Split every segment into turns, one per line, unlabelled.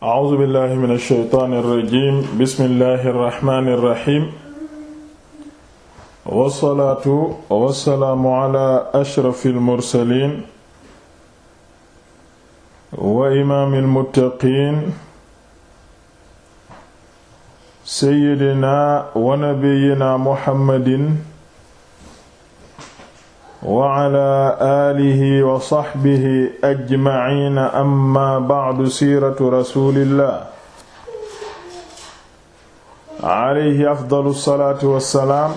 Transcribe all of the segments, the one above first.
a'uuzu billahi mina shaytaani rajiim bismillahi rahmaani rahiim wasalaatu wasalaamu ala ashrafil mursaliin wa imaamil muttaqiin sayyidinaa wa nabiyyinaa muhammadin wa ala aalihi wa saxbihi ajmaciina amma bacdu siiratu rasulillah alayhi afdalu salaatu wa salaam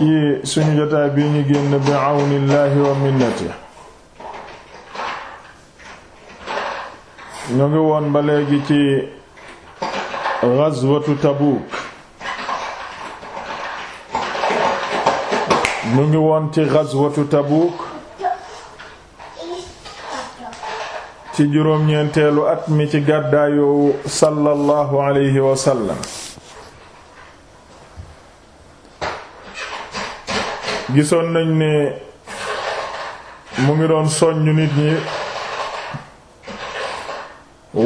ci suñu jotaay bi ñu génn bi awnillahi wa minnati ñu ngi woon ba léegi ci gazwatu Tabuuk ñu ngi woon ci ghazwatu Tabuuk ci juróom-ñeenteelu at mi ci gàddaayu sallallahu alayhi wa sallam gisoon nañ ne mu ngi doon soññu nit ñi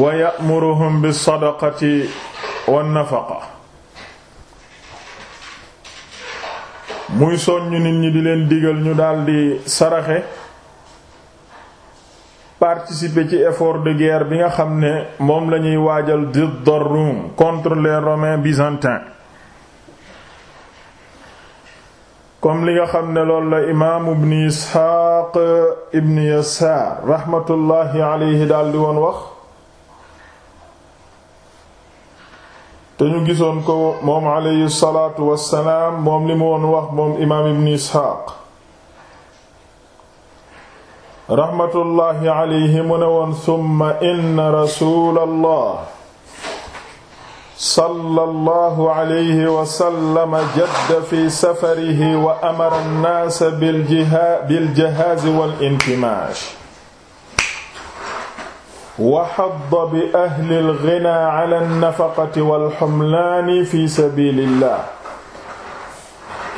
wa ya'muruhum bis sadaqati wan nafaqa muy soññ nit ñi di leen digal ñu daldi saraxe participer ci effort de guerre bi nga xam ne moom la ñuy waajal diddar Rum contre les Romains byzantins comme li nga xam ne loolu la imaam ibn Isxaaq ibn Yasaar raxmatullaahi alayhi daldi woon wax te ñu gisoon ko moom alayhi salaatu wassalaam moom li mu woon wax moom imaam ibn isxaaq raxmatullaahi alayhi mu ne woon summa inna rasuulallah sallallahu alayhi wasallam jadda fi safarihi wa amara annaasa biljahaaz wal intimaash waxadda bi ahli alxinaa ala alnafaqati walxumlaani fi sabilillah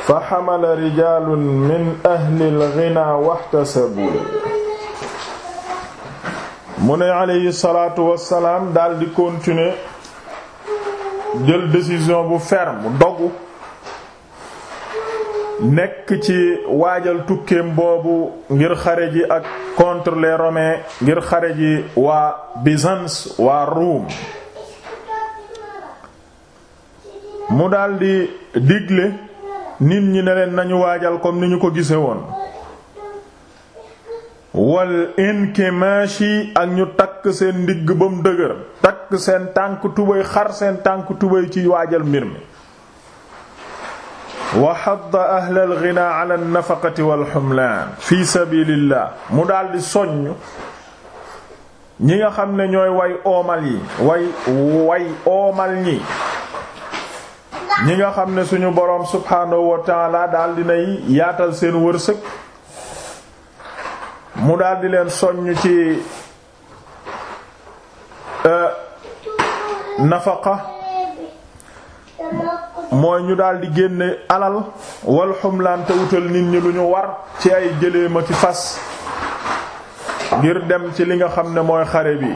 fa xamala rijaalun min ahli alxinaa waxtasabu mu ne aleyhi salaatu wassalaam daal di continuer jël décision bu ferme dogu nekk ci waajal tukkeem boobu ngir xare ji ak contre les romains ngir xare ji waa Byzance waa Rome mu daldi digle nit ñi ne leen nañu waajal comme ni ñu ko gise woon wal inkimashi ak ñu takk seen ndigg ba mu dëgër takk seen tànk tubéy xar seen tànk tubéy ci waajal mbir mi wa xadda ahlal ghina ala nafaqati wal xumlaan fi sabilillah mu daldi soññ ñi nga xam ne ñooy way oomal ñi ñi nga xam ne suñu boroom subhaanahu wa daldi nay yaatal seen wërsëg mu daldi leen soññ ci eh, nafaqa mooy ñu daal génne alal wal xumlaan wutal nit ñi lu ñu war ci ay gëléem ci fas ngir dem ci li nga xam ne mooy xare bi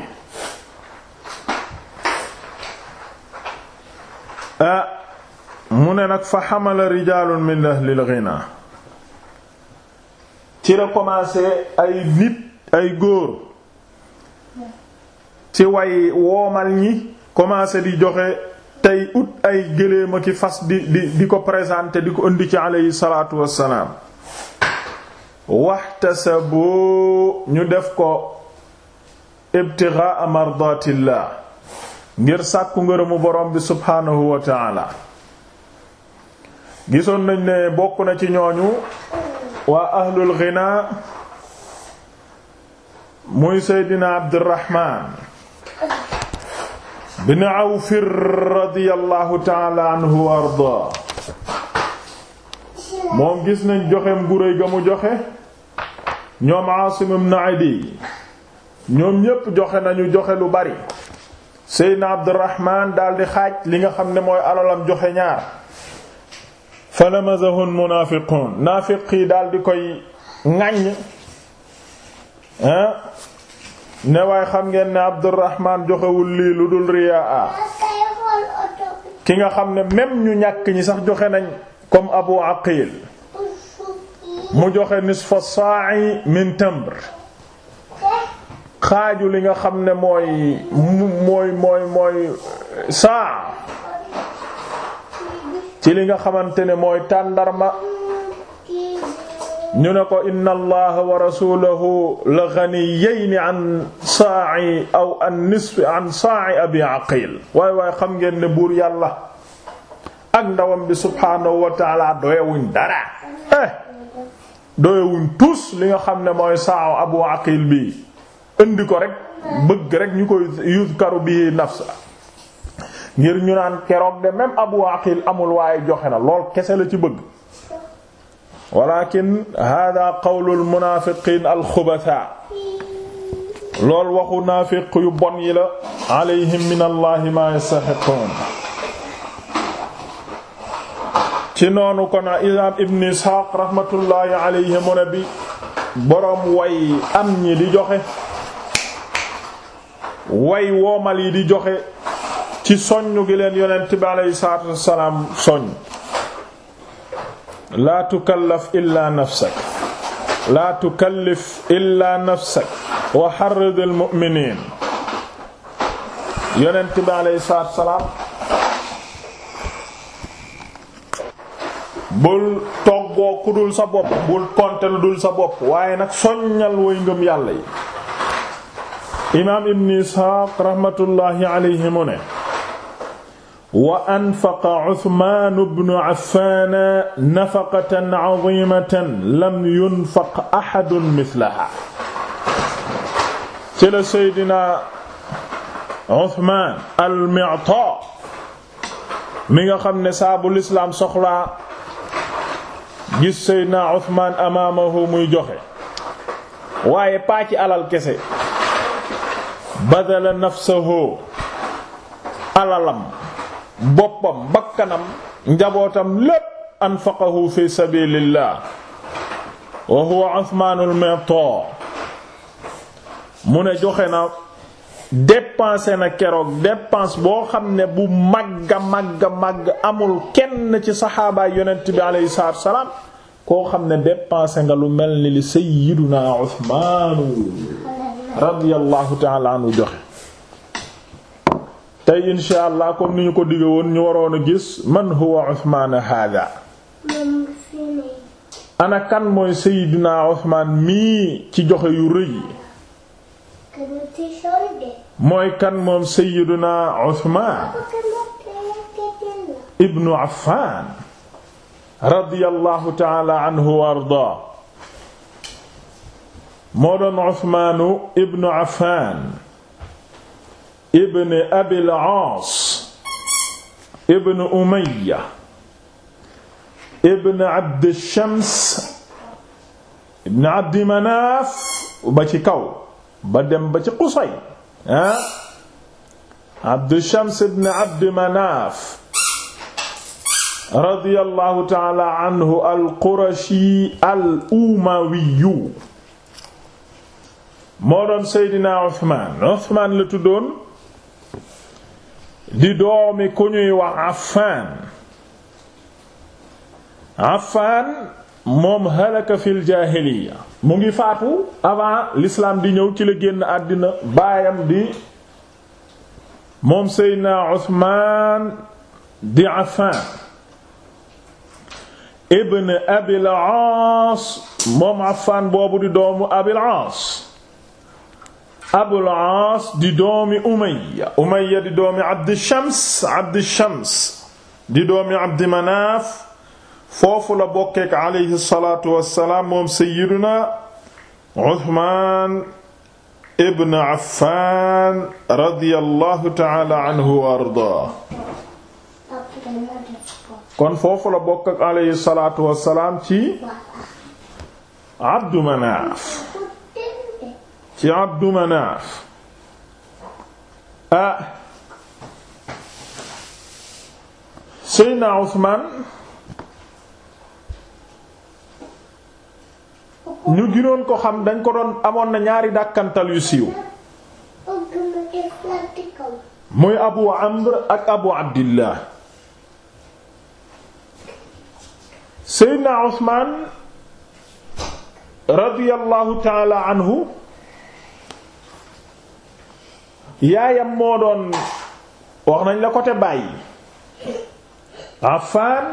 ah mu ne nag fa xamala rijaalun min ahlil ghina ci la commencé ay nit ay góor ci way woomal ñi commencé di joxe tey ut ay gëléema ki fas di di di ko présenter di ko indi ci aleyhi salaatu wassalaam waxtasabu ñu def ko ibtigaa mardatillah ngir sàkku ngërëmu borom bi subhaanahu wa taala gisoon nañ ne bokk na ci ñooñu waa ahlul ghina muy seydina abdurrahman bin Awf radiyallahu ta'ala anhu wa ardaa moom gis nañ joxeem gu ga mu joxe ñoom Aasim ibn Adi ñoom ñépp joxe nañu joxe lu bari Seydina Abdurrahmaan daldi xaaj li nga xam ne mooy alalam joxe ñaar falamazahu almunaafiquun naafiq yi daldi koy ŋàññ ne waay xam ngeen ne Abdurrahman joxewul lii lu dul riyaa ki nga xam ne même ñu ñàkk ñi sax joxe nañ comme Abu Aqil mu joxe nisfa sa'i min xaaju li nga xam ne mooy mooy mooy mooy ci li nga xamante ne mooy tàndarma ñu ne ko inna allaha wa rasulahu la ghaniyayni an saa'i aw an waay waay xam ngeen ne buur yàlla ak ndawam bi subhaanahu wa taala doyewuñ dara eh doyewuñ tus li nga xam ne mooy saaw abu aqil bi indi ko rek bëgg rek ñu koy karu bi nafsa ngir ñu naan keroog de même abu aqil amul waaye joxe na lool kese la ci bëgg walakin hada qawlul munaafiqiin alxubasaa loolu waxu naafiq yu bon yi la alayhim min allahi ma yastaxiqoon ci noonu kon imaam ibn isxaaq rahmatullahi alayhi mu ne bi boroom way am ñi di joxe way woomal yi di joxe ci soññ gi leen yonent bi alayhi salaatu wassalaam soññ laa tukallaf illaa nafsak laa tukallif illaa nafsak wa xarridil mu'miniin yonent bi alayhi salaam bul toggoo ku sa bopp bul konte dul sa bopp waaye nag soññal way ngëm yàlla yi imaam ibn Isxaaq raxmatullaahi alayhi ne wa anfaqa Usmaan ibnu Affaan nafaqatan aziimatan lam yunfaq ahadun mislahaa ci la Seydina Usmaan al-Mi'taa mi nga xam ne saabu lislaam soxlaa gis Seydina Usmaan amaamahu muy joxe waaye paa ci alal kese badala nafsahu alalam boppam bakkanam njabootam lépp anfaqahu fi sabilillah wa huwa Usmaanul mu ne joxe na dépensé na keroog depanse boo xam ne bu màgga màgga màgg amul kenn ci saxaabaay yonent bi aleyhi salaatu koo xam ne dépensé nga lu mel ni li sayyiduna Usmaanu radiyallahu ta'ala anhu joxe tey insha allah comme ni ñu ko digge ñu waroon a gis man huwa Usmaan hada ana kan mooy Seydina Usmaan mii ci joxe yu rëy mooy kan moom Seydina Usmaan ibnu Affaan radiyallahu taala anhu wa ardaa moo doon Usmaanu ibnu Affaan ibn abil aas ibn umayya ibn abd shams ibn abdi manaaf ba ci kaw ba dem ba ci qusay ah abd shams ibn abdi manaaf radiyallahu taala anhu al qurashi al umawiyu moo doon seydina uthman uthman la tuddoon di doomi ku ñuy wax Affan Affan moom halaka fil jaahiliya mu ngi faatu avant lislaam di ñëw ci la génn àddina baayam bi moom Seydina Usmaan di Affan ibn Abil Aas moom Affan boobu di doomu Abil Aas Abul Aas di doomi Umayya Umayya di doomi Abdi Shams Abdi Shams di doomi Abdi Manaaf foofu la bokkeek alayhi salaatu wassalaam moom sayyiduna Uthman ibn Affan radiyallahu ta'ala anhu wa ardaa kon foofu la bokkeek alayhi salaatu wassalaam ci Abdu Manaaf ci Abdu Manaaf ah Seydina Usmaan ñu ginoon ko xam dañ ko doon amoon na ñaari dàkkantal yu siiw muy Abu Amr ak Abu Abdillah Seydina Usmaan radiyallahu taala anhu yaayam moo doon wax nañ la côté bàyyi Affan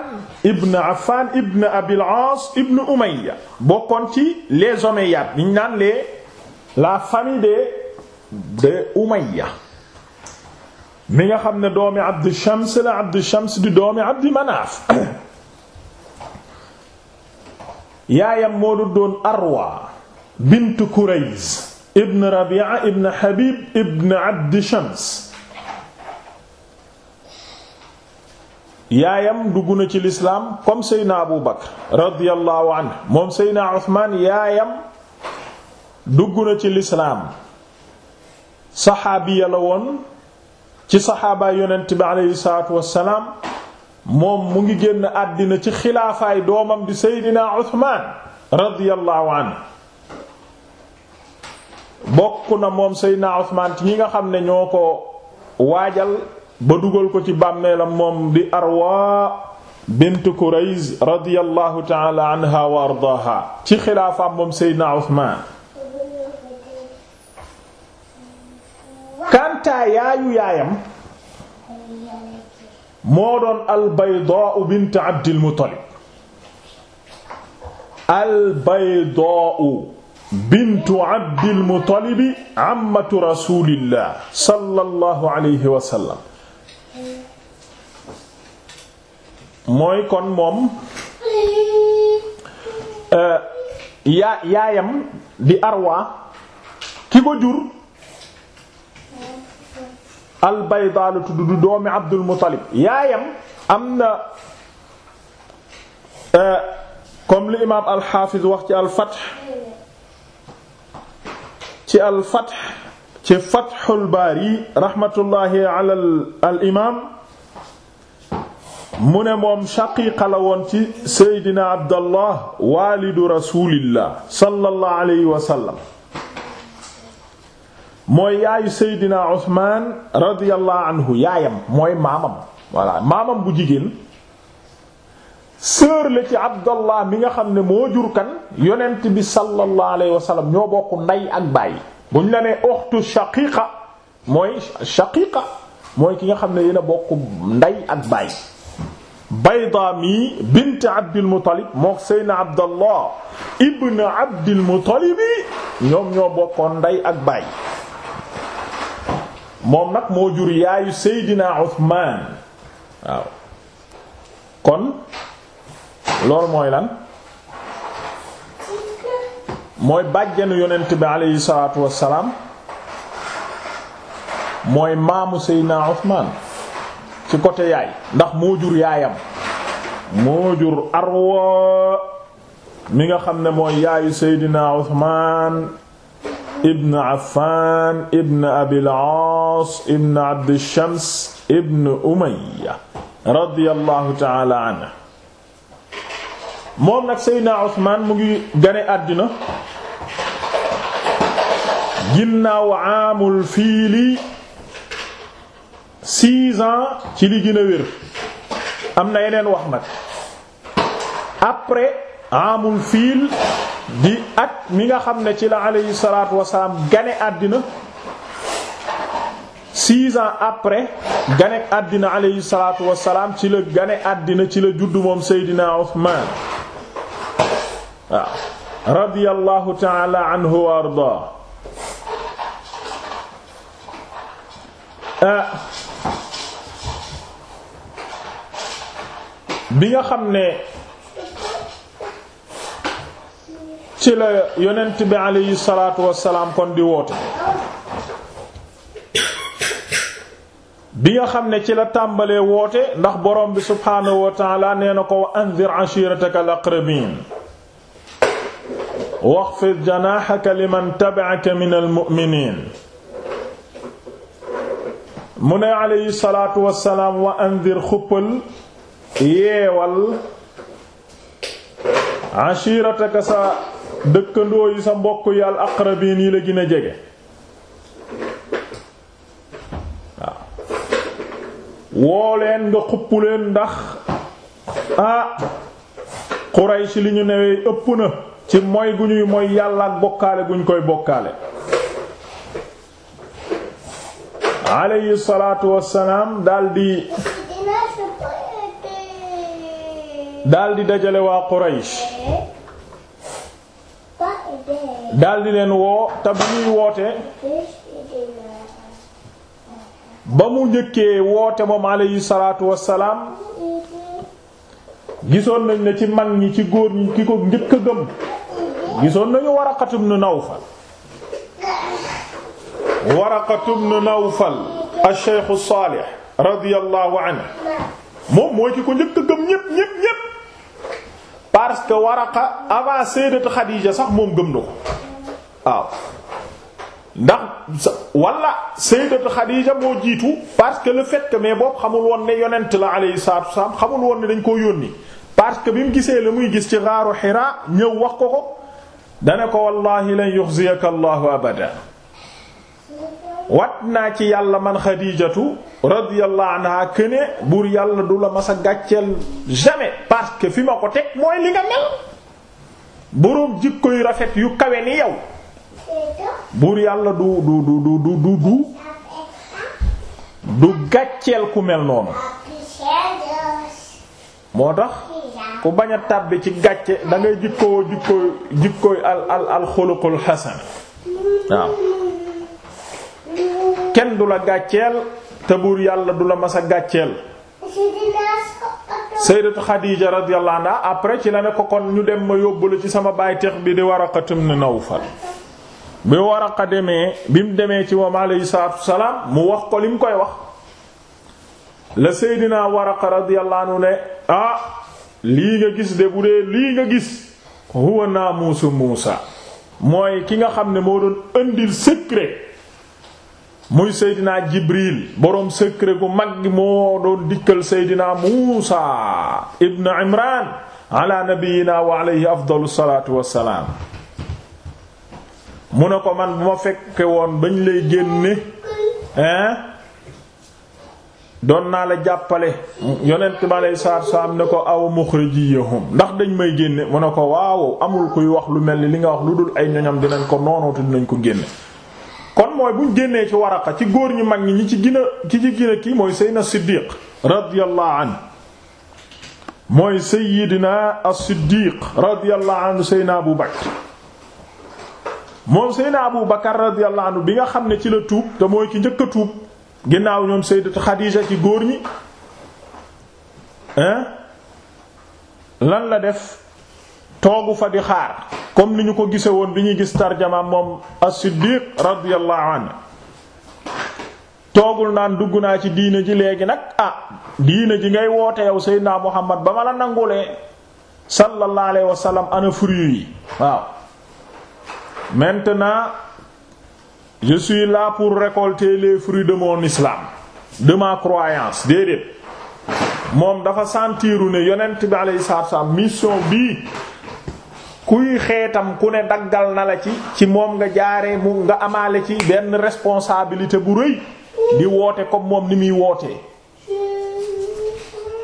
ibn Affan ibn Abil As ibn Umayya bokkoon ci les Omeyyades ñu naan les la famille de de Umayya mi nga xam ne doomi Abdu Shams la Abdu Shams di doomi Abdu Manaaf yaayam moo du doon Arwa bint Kurayz ibn Rabi'a ibn Habib ibn Abdi Shams yaayam dugg na ci lislaam comme Seydina Abu Bakr radiyallahu anhu moom Seydina Usmaan yaayam dugg na ci lislaam saxaabiya la woon ci saxaabaa yonent bi aleyhi salaatu wassalaam moom mu ngi génn àddina ci xilaafaay doomam di Seydina Usmaan radiyallahu anhu bokk na moom Seydina Usmaan ñi nga xam ne ñoo ko waajal ba dugal ko ci bàmmeelam moom di Arwa bint Kurayz radiyallahu ta'ala anha wa ardaaha ci xilaafaam moom Seydina Usmaan kanta yaayu yaayam moo doon al-Baydaa bint Abdil Muttalib bintu Abdil Muttalib ammatu rasulillah sallallahu alayhi wa sallam mooy kon moom eh, yaa yaayam di Arwa ki ko jur al-Bayda la tudd du doomi Abdul Muttalib yaayam am na eh, comme li imaam al-Hafiz wax ci al-Fath ci al fath ci fathul baari rahmatullahi al imaam mu ne moom shaqiiqa la woon ci seydina abdallah waalidu rasulillah sallallahu alayhi wa sallam mooy yaayu seydina usmaan radiyallahu anhu yaayam mooy maamam maamam bu jigéen sœur la ci abdallah mi nga xam ne moo jur kan yonent bi sallallahu alayhi ñoo bokk ndey ak baay buñ la nee uxtu shaqiqa mooy shaqiqa mooy ki nga xam ne yéen bokk ndey ak baay bayda mi bint abdil muttalib moo seyna abdallah ibn abdil ñoom ñoo bokkoon ndey ak baay moom nag moo jur yaayu seydina uthman waaw kon loolu mooy lan mooy bàjjanu yonent bi aleyhi salaatu wassalaam mooy maamu Seydina Usmaan ci côté yaay ndax moo jur yaayam moo jur Arwa mi nga xam ne mooy yaayu Seydina Usmaan ibn Affaan ibn Abil Aas ibn Abdi Shams ibn Umayya radiyallahu ta'ala anhu moom nag Seydina Usmaan mu ngi gane àddina ginnaaw amul fiili six ans ci li gën a wér am na yeneen wax nag après amul fiil di at mi nga xam ne ci la alayhi salaatu wasalaam gane àddina six ans après gane àddina alayhi salaatu wasalaam ci la gane àddina ci la juddu moom Seydina Usmaan waaw radiyallahu taala anhu wa ardaa ah. bi nga xam ne ci la yonent bi alayhi salaatu wassalaam kon di woote bi nga xam ne ci la tàmbalee woote ndax boroom bi subhaanahu wa taala nee na ko wa anzir ashiratakal aqrabiin waxfid janaahaka liman tabi'aka minal mu'miniin mu ne aleyhi salaatu wassalaam wa andir xuppal yeewal ashiirataka sa dëkkandoo yi sa mbokk yi al aqrabiin yi la gin a jege woo leen nga xupp leen ndax ah Quraysh li ñu newee ëpp na ci mooy gu ñuy mooy yàlla bokkaale gu ñu koy bokkaale alayhi salaatu wassalaam daldi dajale waa Quraysh daldi leen woo te bu ñuy woote ba mu njëkkee woote moom alayhi salaatu wassalaam gisoon nañ ne ci mag ñi ci góor ñi ki ko njëkk a gëm gisoon nañu Waraqatu ibn Nawfal Waraqatu ibn Nawfal ash-shaykh as-salih radiyallahu anhu moom mooy ki ko njëkk a gëm ñépp ñépp ñépp parce que Waraqa avant sayyidatu Xadiija sax moom gëm na ko waaw ndax wala sayyidatu Xadiija moo jiitu parce que le fait que mais boobu xamul woon ne yonent la alayhi salaatu xamul woon ne dañ koo yónni parce que bi mu gisee la muy gis ci gaaru Hira ñëw wax ko ko dana ko wallahi lan yuxziyaka allahu abada wat naa ci yàlla man xadiijatu radiyallahu anha këne buur yàlla du la mas a gàcceel jamais parce fi ma ko teg mooy li nga mel boroom jikko yu rafet yu kawe ni yow buur yàlla du du du du du du du du gàcceel ku mel noonu moo tax ku bañ a tàbbi ci gàcce da ngay jikkoo jikkooy jikkooy al al al xuluqul xasan waaw kenn du la gàcceel te buur yàlla du la mas a gàcceel sayyidatu Xadiija radiyallahu anha après ci la ne ko kon ñu dem ma yóbbule ci sama baay bayteex bi di Waraqatum ni Nawfal bi Waraqa demee bi mu demee ci moom alayhi salaatu salaam mu wax ko li mu koy wax la Seydina Waraqa radiyallahu ne ah lii nga gis de bu dee lii nga gis huwa naamuusu Muusa mooy ki nga xam ne moo doon indil secret muy Seydina Jibril boroom secret gu mag gi moo doon dikkal Seydina Muusa ibn Imran ala nabiyyina wa alayhi afdalu salaatu wassalaam mu ne ko man bu ma fekke woon bañ lay génne doon naa la jàppale yonent bi aleyhi salaatu salaam ne ko aw muxrijiyahum ndax dañ may génne mu ne ko waaw amul kuy wax lu mel ni li nga wax lu dul ay ñoñam dinañ ko noonoote dinañ ko génne kon mooy buñ génnee ci waraqa ci góor ñi mag ñi ñi ci gina ki ci gina ki mooy seydina siddiq radiyallahu anhu mooy yii seydina as-siddiq radiyallahu anhu seydina abu bakr moom seydina abu bakr radiyallahu anhu bi nga xam ne ci la tuub te mooy ki njëkk a tuub ginnaaw ñoom sayyidatu Xadiija ci góor ñi lan la def toogu fa di xaar comme ni ñu ko gise woon bi ñuy gis tarjama moom as-Siddiq radiyallahu anhu toogul naan dugg naa ci diine ji léegi nag a ah, diina ji ngay woote yow Seydina Muhammad ba ma la nangulee sallallahu alayhi wa sallam ana fruit yi waaw maintenant je suis pour récolter les fruits de mon islam de ma croyance déedéet moom dafa sentiru ne yonent bi alayhi salaatu salaam mission bii kuy xeetam ku ne daggal na la ci ci moom nga jaare mu nga amaale ci benn responsabilité bu rëy di woote comme moom ni muy wootee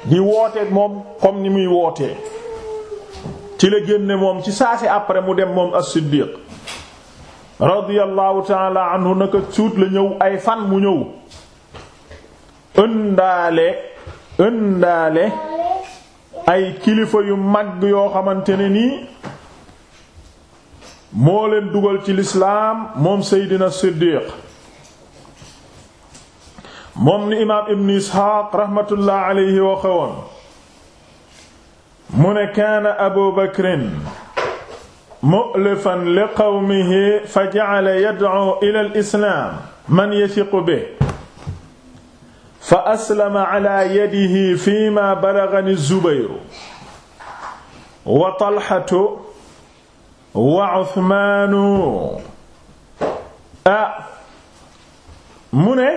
di woote moom comme ni muy wootee ci la génne moom ci saa si après mu dem moom as-Siddiq radiyallahu taala anhu naka suut la ñëw ay fan mu ñëw ëndaale ëndaale ay kilifa yu mag yoo xamante ne nii moo leen dugal ci lislaam moom seydina siddiq moom ni imaam ibn isxaaq raxmatullah alayhi wa xawoon mu ne kaana abu bakrin mu'lifan li qawmihi fa ja'ala yad'u ila al-islaam man yathiqu bihi fa aslama ala yadihi fiima balaghani Zubayru wa Talhatu wa Uthmaanu ah mu ne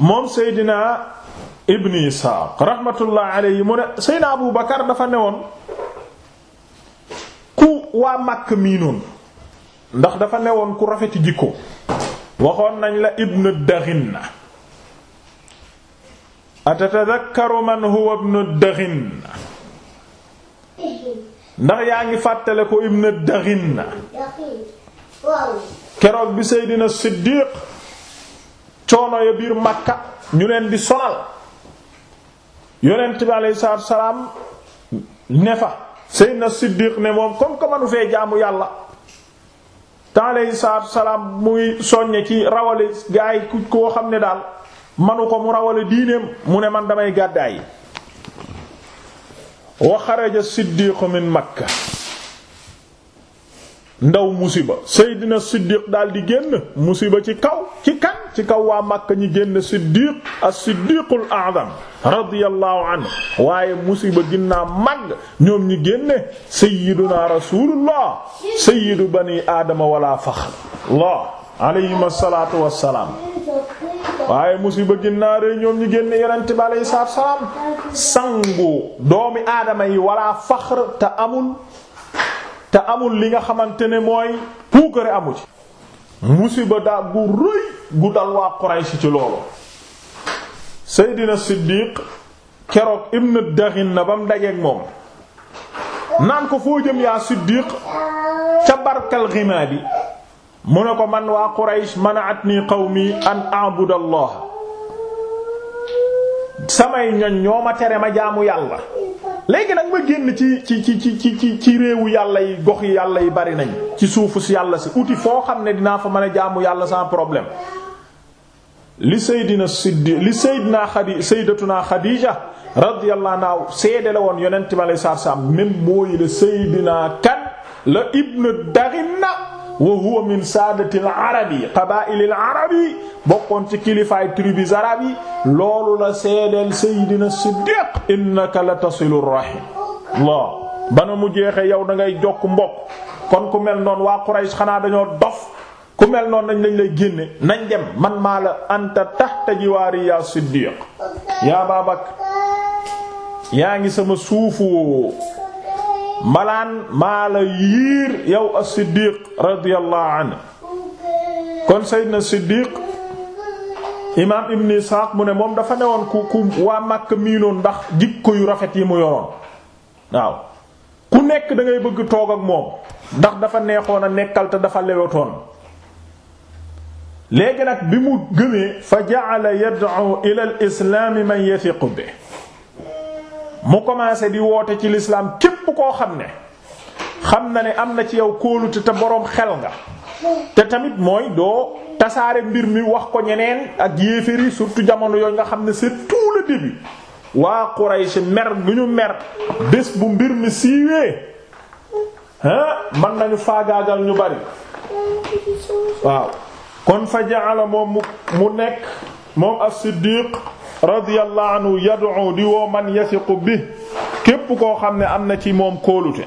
moom Seydina Ibn Isxaaq rahmatullah alayhi mu ne Seydina Abu Bakar dafa newoon waa màkk miinoon ndax dafa newoon ku rafeti jikko waxoon nañ la ibn Daxinna atatadakkaru man huwa ibn Daxinna ndax yaa ngi fàttale ko ibn Daxinna keroog bi Seydina Siddiq coono ya biir Makka ñu leen di sonal yonent bi salaam ne fa Seydina Siddiq ne moom comme que manu fee jaamu yàlla te aleyhi salaatu salaam muy soññe ci rawale gaa yi koo xam ne daal manu ko mu rawale diineem mu ne man damay gàddaay wa xaraja Siddiq min Makka ndaw musiba Seydina Siddiq daal di génn musiba ci kaw ci kan ci kaw waa Makka ñi génn Siddiq as-Siddiqul a'zam radiyallahu anhu waaye musiba ginnaa màgg ñoom ñi génne sayyiduna rasulullah sayyidu bani aadama walaa faxr Allah alayhim asalaatu wassalaam waaye musiba ginnaa ñoom ñi génn yonent sangu doomi aadama yi wala faxr te amul te amul li nga xamante ne mooy puukare amu ci musiba daa gu rëy gu dal waa Quraysh ci loolu Seydina Siddiq keroog Ibn Daxin na ba mu dajeeg moom naan ko foo jëm yaa Siddiq ca barkal ghima bi mu ne ko man waa Quraysh mana'atni qawmi an a'budu Allah samay ñoñ ñoo ma tere ma jaamu yàlla léegi nag ma génn ci ci ci ci ci ci réewu yàlla yi gox yi yàlla yi bari nañ ci suufu si yàlla si uti foo xam ne dinaa fa mën a jàmm yàlla sans problème li Seydina Siddi li Seydina Xadi Seydatuna Xadiija radiyallahu anha seede la woon yonent bi alayhi salaam même mooy la Seydina kan la Ibn Daghina wa huwa min saadatil arabi qabaa'ilil arabi bokkoon ci kilifaay tribus arab loolu la seedeel Seydina innaka la tasilu rahim Allah bana mu jeexee yow dangay jokk mbokk kon ku mel noonu waa Quraysh xanaa dañoo dof ku mel noonu nañ lañ lay génne nañ dem man maa la anta tahta jiwaari ya Siddiq ya Babak yaa ngi sama suufu malaan maa la yiir yow as-Siddiq radiyallahu anhu kon Seydina Siddiq imaam Ibn Isaaq mu ne moom dafa newoon ku ku waa Makka miinoon ndax jikko yu rafet yi mu yoroon waaw ku nekk dangay bëgg toog ak moom ndax dafa neexoon a nekkal te dafa lewetoon léegi nag bi mu gëmee fa jaale yad'u ila al-islaam man yathiqu bihi mu commencé bi woote ci l'islam képp koo xam ne xam na ni am na ci yow kóolute te boroom xel nga te tamit mooy doo tasaare mbir mi wax ko ñeneen ak yéeféer yi surtout jamono yooyu nga xam ne c'est tout le début waa Quraysh mer lu ñu mer bés bu mbir mi siiwee hein man nañu faagaagal ñu bari waaw kon fa jaala moom mu mu nekk moom as-Siddiq radiyallahu anhu yad'u di woo man yasiqu bi képp koo xam ne am na ci moom kóolute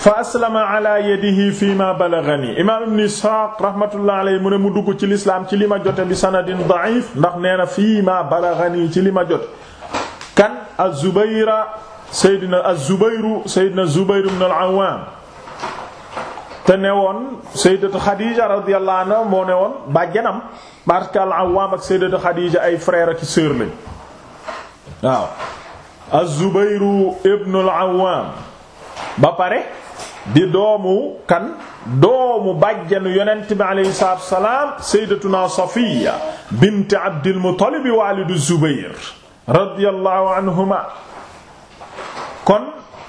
fa aslama ala yadihi fi ma balaghani imaam ibn Isxaaq rahmatullah mu ne mu dugg ci lislaam ci li ma jote bi sanadin da'if ndax nee na fii ma balaghani ci li ma jote kan az-Zubayra sayyidina az-Zubayru sayyidina Zubayr al-Awwam te ne woon sayyidatu Xadiija radiyallahu anha moo ne woon bàjjanam parce que al-Awwaam ak sayyidatu Xadiija ay frère ak sœur lañ waaw ibn al-Awwaam ba di doomu kan doomu bàjjanu yonent bi alayhi salaatu wassalaam Safiya bint Abdil Muttalib waalidu Zubayr anhuma kon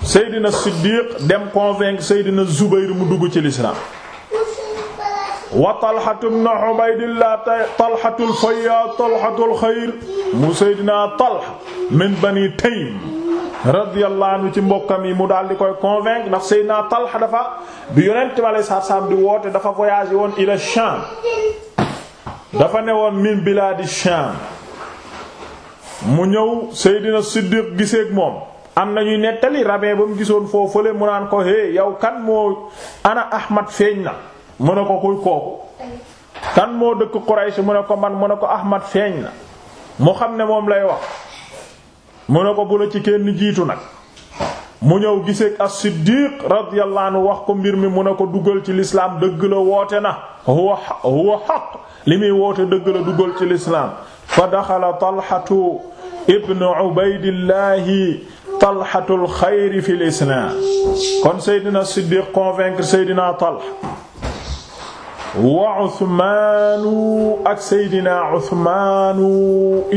Seydina Siddiq dem convaincre Seydina Zubayr mu dugg ci lislaam wa talxatu bnu ubaydillah talxatul fayyaa talxatul xayr mu seydinaa talxa min bani taym radiyallahu anhu ci mbokkam yi mu daal di koy convaincre ndax seydinaa talxa dafa bi yonent bi salaam di woote dafa voyagé woon ila Shaam dafa ne woon min bilaadi Shaam mu ñëw seydinaa siddiq giseek moom am nañuy nettali rabee ba mu gisoon foofule mu naan ko hé yow kan moo ana Ahmad feeñ na mu ne ko kuy kooku kan moo dëkk Quraysh mu ne ko man mu ne ko Ahmad feeñ na mu xam ne moom lay wax mu ne ko bu la ci kenn jiitu nag mu ñëw giseeg as-Siddiq radiyallahu anhu wax ko mbir mi mu ne ko dugal ci lislaam dëgg la woote na huwa huwa xaq li muy woote dëgg la dugal ci lislaam fa daxala Talhatu ibnu Ubaydillahi talxatul xayri fil islam kon Seydina Siddiq convaincre Seydina Talha wa Usmaanu ak Seydina Usmaanu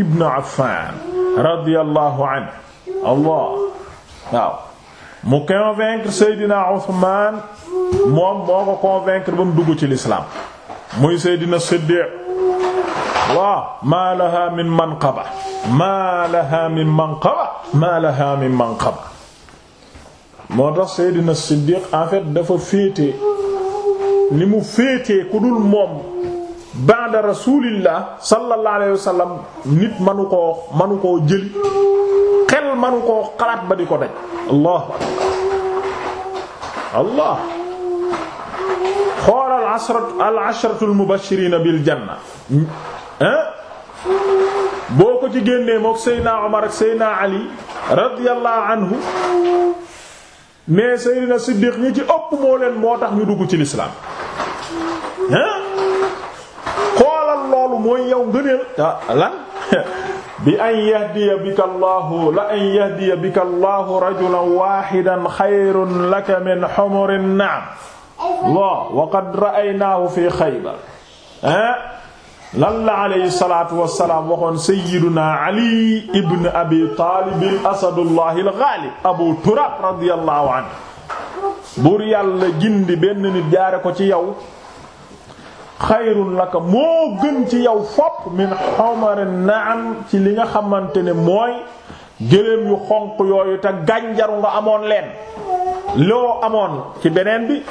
ibn Affaan radiyallahu anhu Allah waaw mu convaincre Seydina Usmaan moom moo ko convaincre ba mu dugg ci lislaam muy Seydina Siddiq waaw maa laha min manqaba maa laha min manqaba maa laha min manqaba moo tax Seydina Siddiq en fait dafa féete ni mu féetee ku dul moom ba'da rasulillah sallallahu alayhi wasallam nit manu koo manu koo jëli xel manu koo xalaat ba di ko daj allah allah xoolal asrat al ashratu al mubashirina bil janna boo ko ci génnee mook Seydina Omar ak Seydina Ali radiyallahu anhu mais ci ëpp moo leen moo tax ñu dugg ci lislaam xoolal loolu mooy yow ngëneel lan bi an yahdiya bika Allahu la an yahdiya bika Allahu rajulan waahidan xayrun wa qad ra'aynaahu fi Xaybar lan la aleyhi salaatu wa salaam waxoon sayyiduna Ali ibn Abi Taalib asadullahi al-ghaalib Abu Turaab radiyallahu anhu. buur yàlla gindi benn nit jaare ko ci yow. xayrun laka moo gën ci yow fopp min xamari naam ci li nga xamante ne mooy gëléem yu xonq yooyu te gànjaru nga amoon leen. loo amoon ci beneen bi.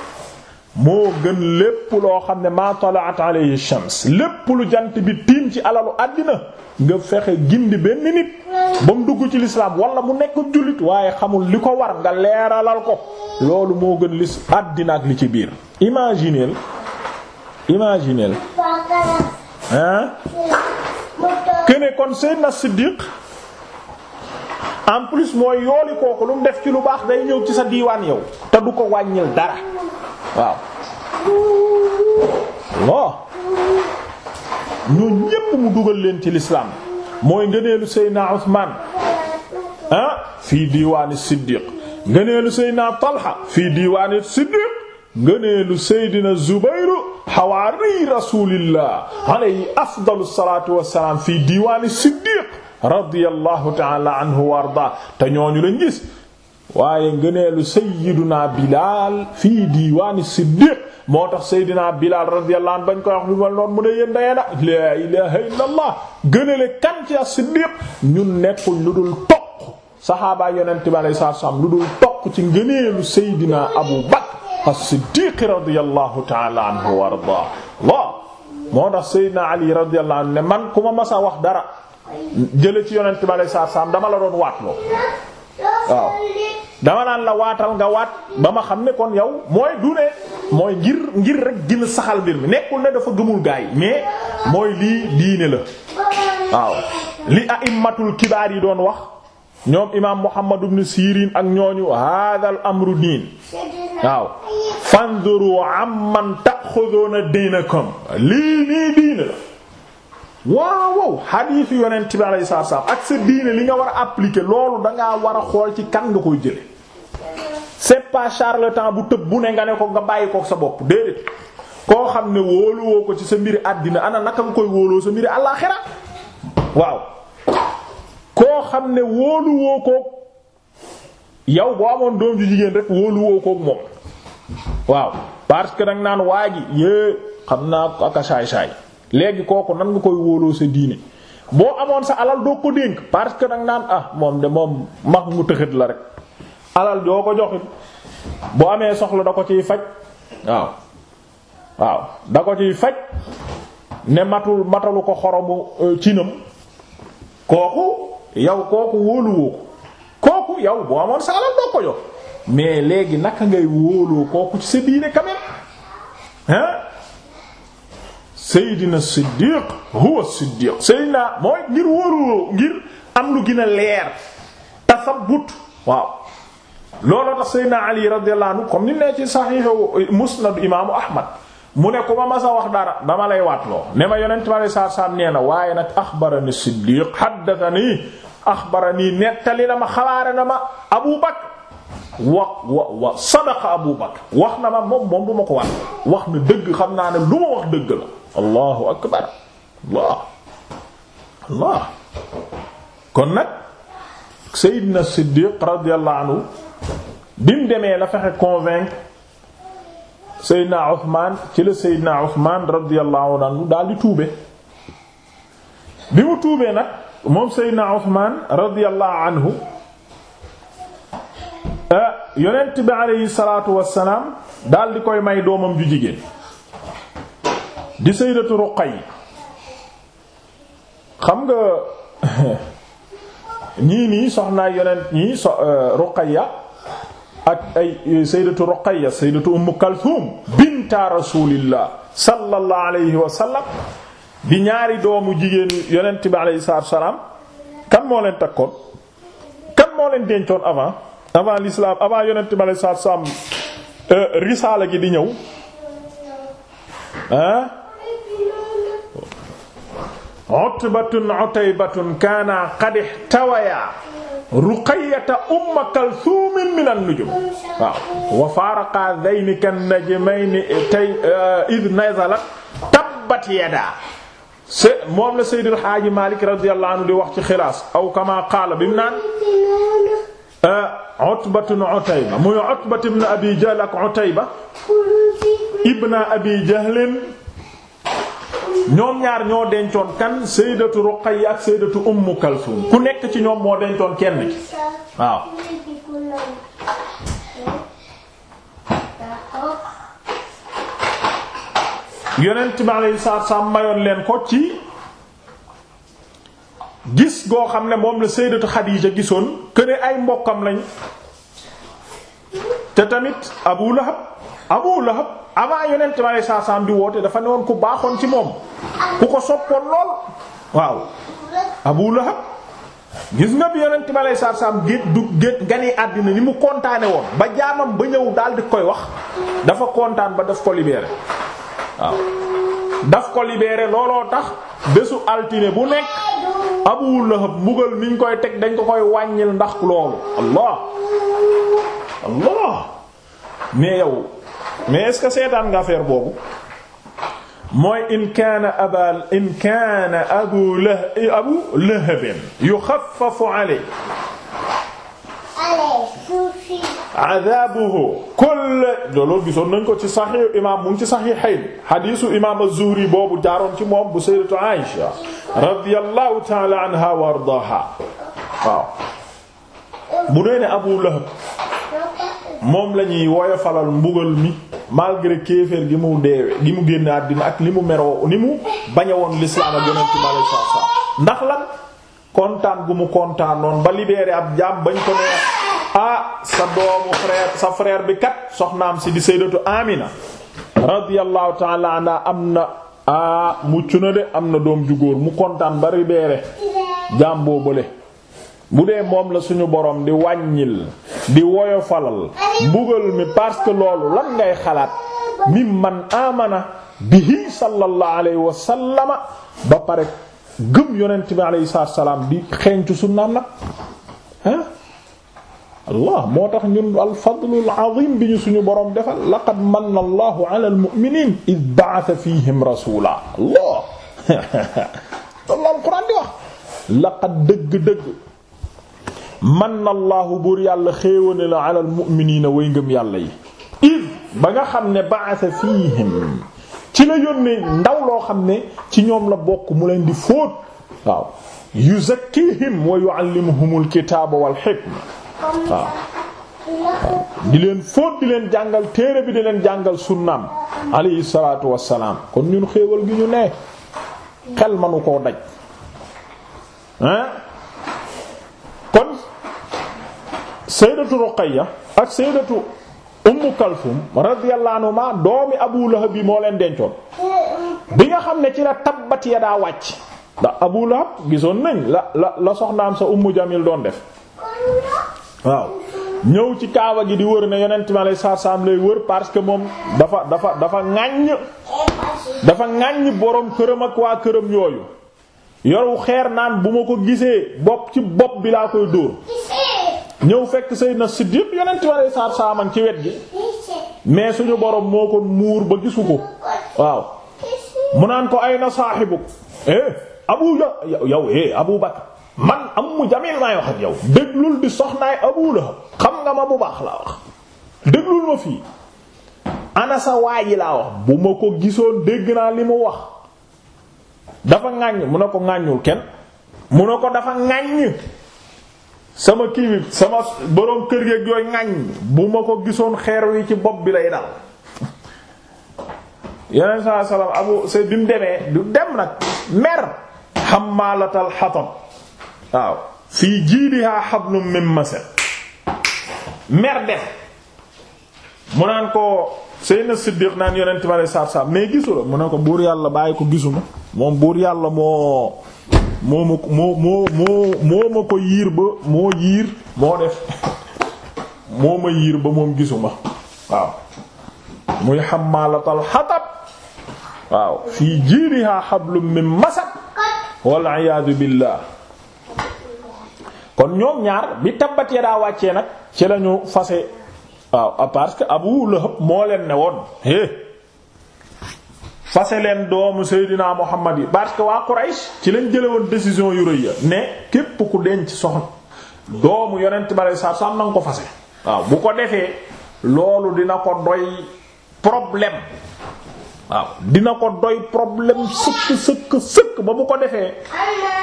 moo gën lépp loo xam ne ma talaat alayhi shams lépp lu jant bi tiim ci alalu àddina nga fexe gindi benn nit ba mu dugg ci lislaam wala mu nekk jullit waaye xamul li ko war nga leeralal ko loolu moo gën lis àddina ak li ci biir imagineel imagineel hein kene kon Seydina Siddiq en plus mooy yooli kooku lu mu def ci lu baax day ñëw ci sa diiwaan yow te du ko wàññil dara waaw Allah ñooñu ñépp mu dugal leen ci lislaam mooy ngëneelu Seydina Usmaan ah fii diiwaani Siddiq ngëneelu Seydina Talha fii diiwaani Siddiq ngëneelu Seydina Zubayru xawaari rasulillah alayhi afdalu salaatu wassalaam fii diiwaani Siddiq radiyallahu ta'ala anhu warda te ñooñu la gis waaye ngëneelu sayyiduna Bilaal fii diiwaani Siddiq moo tax sayyidina Bilaal radiyallahu anhu bañ ko wax lu ma noonu mu ne yéen dayee na laa ilaha illallah gënale kan ci as-Siddiq ñun nekkul lu dul toq sahaaba yonente bi alayhi salaatu salaam lu dul toq ci ngëneelu sayyidina Abu Bakr as-Siddiq radiyallahu ta'ala anhu wa ardaa Allah moo tax sayyidina Ali radiyallahu ne man ku ma masa wax dara jële ci yonente bi alayhi salaatu salaam dama la doon waatloo waaw dama naan la waatal nga waat ba ma xam ne kon yow mooy du mooy ngir ngir rek gën saxal mbir mi nekkul ne dafa gëmul gaay mais mooy lii diine la waaw li a'immatul kibaar yi doon wax ñoom imaam Muhammad ibn Sirin ak ñooñu haadal amru diin waaw fanzuru amman ta'khuduna diinakum lii nii diine la waaw waaw xadiis yu yonent bi alayhi saa salaam ak sa diine li nga war a appliquer loolu dangaa war a xool ci kan nga koy jële c'est pas temps bu tëb bu ne nga ne ko nga bàyyi ko sa bopp déedéet koo xam ne wóoluwoo ko ci sa mbiri àddina ana naka nga koy wóoloo sa mbiri àllaaxira waaw koo xam ne wóoluwoo koog yow boo amoon doom ju jigéen rek wóoluwoo koog moom waaw parce que danga naan waa ji xam naa ko ak a saay saay léegi kooku nan nga koy wóoloo sa diine boo amoon sa alal doo ko dénk parce que nag naan ah moom de moom max mu tëxit la rek alal doo ko joxit bu amee soxla da ko ciy faj waaw da ko ciy faj ne matul matalu ko xoromu euh, cinam kooku yow kooku wóoluwoo ko kooku yow boo amoon sa alal doo ko jox mais léegi naka ngay wóoloo kooku ci sa diine quand même Seydina Siddiq huwa Siddiq Seydina mooy ngir wóoruloo ngir am lu gën a leer tasabbut waaw looloo tax Seydina Ali radiyallahu anhu comme ni ne ci Sahih Musnad imaamu Ahmad mu ne ku ma masa wax dara dama lay waatloo ne ma yonent ma lay saar saam nee na waaye nag axbarani Siddiq haddathani axbarani nettali na ma xabaare na ma Abu Bakr wa wa wa sadaqa Abu Bakr wax na ma moom moom du ma ko wax wax na dëgg xam naa ne lu ma wax dëgg la allahu akbar allah allah kon nag Seydina Siddiq radiyallahu anhu bi mu demee la fexe convaincre Seydina Ousmane ci la Seydina Ousmane radiyallahu anhu daal tuube bi mu tuubee nag moom Seydina Ousmane radiyallahu anhu eh, yonent bi aleyhi salaatu wassalaam daal koy may doomam ju jigéen di sayyidatu Ruqay xam nga ñii nii soxnaay yonent ñii so euh, Ruqayya ak ay euh, sayyidatu Ruqayya sayyidatu Umm Kalthum binta Rasulillah sallallahu alayhi wa sallam ñaari doomu jigéen yonent bi alayhi salaatu salaam kan moo leen takkoon kan moo leen dencoon avant avant l'islam avant yonent bi alayhi salaatu salaam euh, risaala gi di ñëw Utbatun Utaybatun kaana qad ihtawayaa Ruqayyata Umma Kalsuumin mina nujum waaw wa faaraqaa dhayni kan-najmayni tay euh, id nazalat tabbat yadaa moom la Seydil Haaji Maalik radiyallahu anhu di wax ci xilaas aw kamaa qaala bi mu naan euh, Utbatun Utayba muy Utbat ibn Abi Jahl ak Utayba ibn Abi Jahl ñoom ñaar ñoo dencoon kan sayyidatu Ruqayya ak sayyidatu Ummu Kalsum ku nekk ci ñoom moo dencoon kenn ki waaw yonent bi alayhi salaam mayoon leen ko ci gis goo xam ne moom la sayyidatu Xadiija gisoon këne ay mbokkam lañ te tamit Abu Lahab Abu Lahab avant yonent ma lay saasaam di wootee dafa ne woon ku baaxoon ci moom ku ko soppoon lool waaw Abu Lahab gis nga bi yonent ma lay saasaam géet du géet gani àddina ni mu kontaane woon ba jaamam ba ñëw daal di koy wax dafa kontaan ba daf ko libéré waaw daf ko libéré looloo tax bésu altine bu nekk Abu Lahab mbugal niñ koy teg dañ ko koy wàññil ndax loolu allah allah mais yow mais est-ce que seetaan nga affaire boobu mooy in kaana aba in kaana abu lah abu lahabin yuxaffafu aley adabuhu kull loolu gisoon nañ ko ci saxiix imaam mu ngi ci saxiixayn xadiisu imaam az-Zuhri boobu jaaroon ci moom bu sayyidatu Aïsha radiyallahu ta'ala anha wa ardaaha waaw bu nee ne Abu Lahab moom la ñuy woyofalal mbugal mi malgré kéeféer gi mu deewe gi mu génn àddina ak li mu meroo ni mu bañe woon lislaam ak yonent bi alei satu selaam ndax lan kontaan gu mu kontaanoon ba libéré ab jaam bañ ko ne ah sa doomu frère sa frère bi kat soxnaam si di sayyidatu Amina radiyallahu am na ah mucc na de am na doom ju góor mu kontaan ba libéré jaam boo bële bu dee moom la suñu borom di wàññil di woyofalal mbugal mi parce que loolu lan ngay xalaat mim man amana bihi sallallahu alayhi wa ba pare gëm yonent bi alayhi salaam di xeeñcu sunnaam nag ah allah moo tax ñun al fadlul bi ñu suñu borom defal laqad manna allahu ala al mu'minin id ba'atha fihim rasula allah loolu alquran di wax laqad dëgg-dëgg man allahu buur yàlla xéewane la alal mu'miniina way ngëm yàlla yi id ba nga xam ne ba'atha fiihim ci la yónnee ndaw loo xam ne ci ñoom la bokk mu leen di fóot waaw yuzakkihim wa yu'allimuhumul kitaaba wal hikma waaw di leen fóot di leen jàngal téere bi di leen jàngal sunnaam alayhi salaatu wassalaam kon ñun xéewal gi ñu ne xel manu koo daj hein kon sayyidatu Ruqayya ak sayyidatu Ummu Kalsum radiyallahu doomi Abu Lahab bi moo leen dencoon bi nga xam ne ci la tabbat ya daa wàcc ndax Abu Lahab gisoon nañ la la la soxnaam sa Ummu Jamil doon def waaw ñëw ci kaaba gi di wër ne yonent mi alayhi salaam lay wër parce que moom dafa dafa dafa ŋàññ dafa ŋàññ borom këram ak waa këram yooyu yoru xeer naan bu ma ko gisee bopp ci bopp bi laa koy dóor ñëw fekk say Siddiq yonent ma lay saar saaman ci wet gi mais suñu borom moo ko muur ba gisu ko waaw mu naan ko ay na saaxibuk eh abu yow yow eh Abu Bakr man am jamil maay wax ak yow déglul di soxnaay Abu Lahab xam nga ma bu baax laa wax déglul ma fii ana sa waa ji laa wax bu ma ko gisoon dégg naa li mu wax dafa ŋàññ mu ne ko ŋàññul kenn mu ne ko dafa ŋàññ sama kii bi sama boroom kër geeg yooyu ŋañ bu ma ko gisoon xeer wi ci bopp bi lay dal yeneen saa salaam abu sa bi mu demee du dem nag mer xammaalatal xatab waaw fii jiidihaa hablum min masad mer dem mu naan ko Seydina Siddiq naan yonent ma lay saab saab mais gisu mu ne ko buur yàlla bàyyi ko gisuma moom buur yàlla moo moo ma moo moo moo moo ma ko yiir ba moo yiir moo def moo ma yiir ba moom gisuma waaw muy xammaalatal xatab waaw fii jiirihaa xablum min masad wal iyaadu billah kon ñoom ñaar bi tabbat ya daa wàccee nag ci lañu fase waaw parce que Abu Lahab moo leen ne woon fase leen doomu Seydina Muhammad yi parce que waa Quraysh ci lañ jële woon décision yu rëy ya ne képp ku denc soxna doomu yonent ba lay saar saam na nga ko fase waaw bu ko defee loolu dina ko doy problème waaw dina ko doy problème sëkk sëkk sëkk ba bu ko defee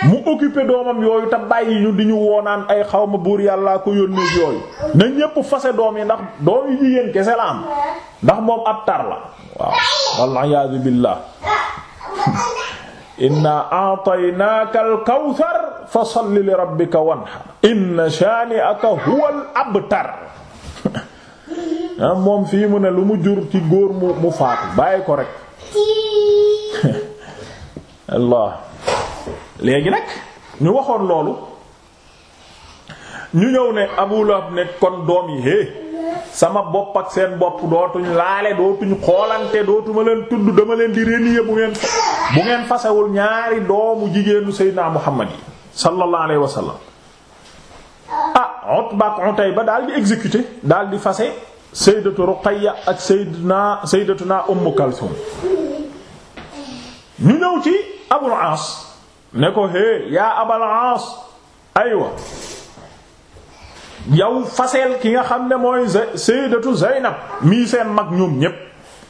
mu occupé doomam yooyu te bàyyi ñu di ñu woonaan ay xawma buur yàllaa ko yónnee yooyu na ñépp fase doom yi ndax doom yu jigéen kese la ndax moom ab tar la waaw wal iyaadu billah inna a'taynaaka al-kawthar fa salli li rabbika wanhar inna shaani'aka huwal abtar moom fii mu ne lu mu jur ci góor mu faatu bàyyi ko rek Allah léegi nag ñu waxoon loolu ñu ñëw ne Abu Lahab ne kon doom yi sama bopp ak seen bopp dootuñ laale dootuñu xoolante dootuma leen tudd dama leen di renier bu ngeen bu ngeen fasewul ñaari doomu jigéenu Seydina Muhammad yi sallallahu alayhi wa sallam ah Utba ak Utayba daal di exécuté dal di fase Sayyidatu Ruqayya ak Sayyidina Sayyidatuna Umm Kalthum ñu ñëw ci Abul Aas ne ko hé yaa Abul Aas aywa yow faseel ki nga xam ne mooy sayyidatu Zaynab mii seen mag ñoom ñépp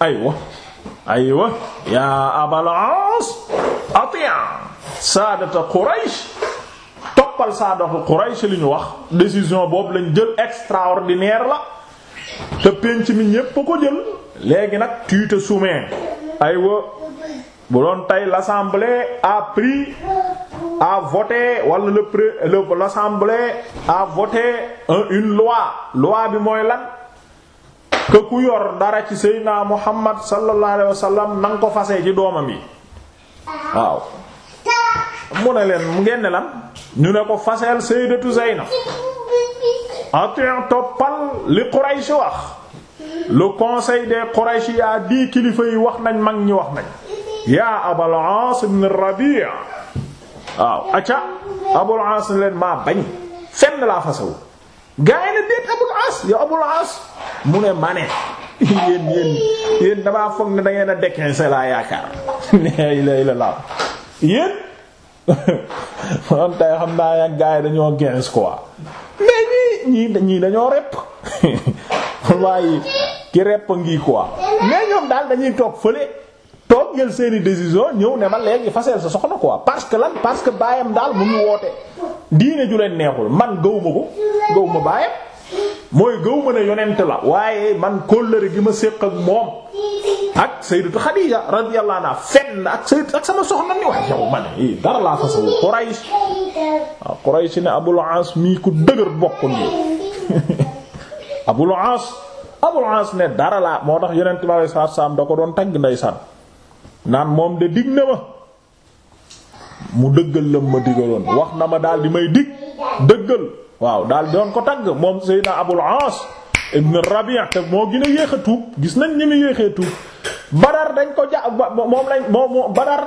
aywa aywa yaa Abal Aas atiya saadata Quraysh toppal saadatu Quraysh li ñu wax décision boobu lañ jël extraordinaire la te penc mi ñépp a ko jël léegi nag tu te soumets aywa bu doon tey l'assemblée a a voté wala le pré l'assemblée a voté une loi loi bi mooy lan que ku yor dara ci Seydina Muhammad sallallahu alayhi wa ko fase ci doomam yi waaw mu ne leen mu ngeen ne lan ñu ne ko faseel Sayyidatu Zaynab atin toppal li Quraysh wax le conseil des Quraysh yaa di kilifa yi wax nañ mag ñi wax nañ yaa Abul Aas ibn Rabi' waaw acca abul as leen maa bañ fenn laa fasawu gaa yi ne déet abul as yow abul as mu ne ma ne yéen yéen damaa foog ne da ngeen laa yaakaar lay la laa xam naa yaa dañoo gens quoi mais ñii ñii dañoo repp waaye ki repp ngi quoi mais ñoom daal dañuy toog fële ñoom jël seeni décision ñëw ne ma léegi faseel sa soxna quoi parce que lan parce que baayam daal mu ngi woote diine ju neexul man gëw ma ko gëw ma baayam mooy gëw ne yonent la waaye man kóllëre gi ma séq ak moom ak sayyidatu Xadiija radiyallahu anha fenn ak sayyid ak sama soxna ni wax yow ma ne eh, dara laa fasaw Quraysh
waaw
ne Abul Aas mii ku dëgër bokk nii Abul Aas Abul Aas ne dara laa moo tax yonent bi sallallahu alayhi wasallam da ko doon tagg ndeysaan naan moom de dig na ma mu dëggal mu ma digaloon wax na ma daal di may dig dëggal waaw daal doon ko tagg moom Seydina Abul Aas ibn Rabi' te moo gën a yéex a tuub gis nañ ni mu yéexee tuub Badar dañ ko ja moom lañ moom Badar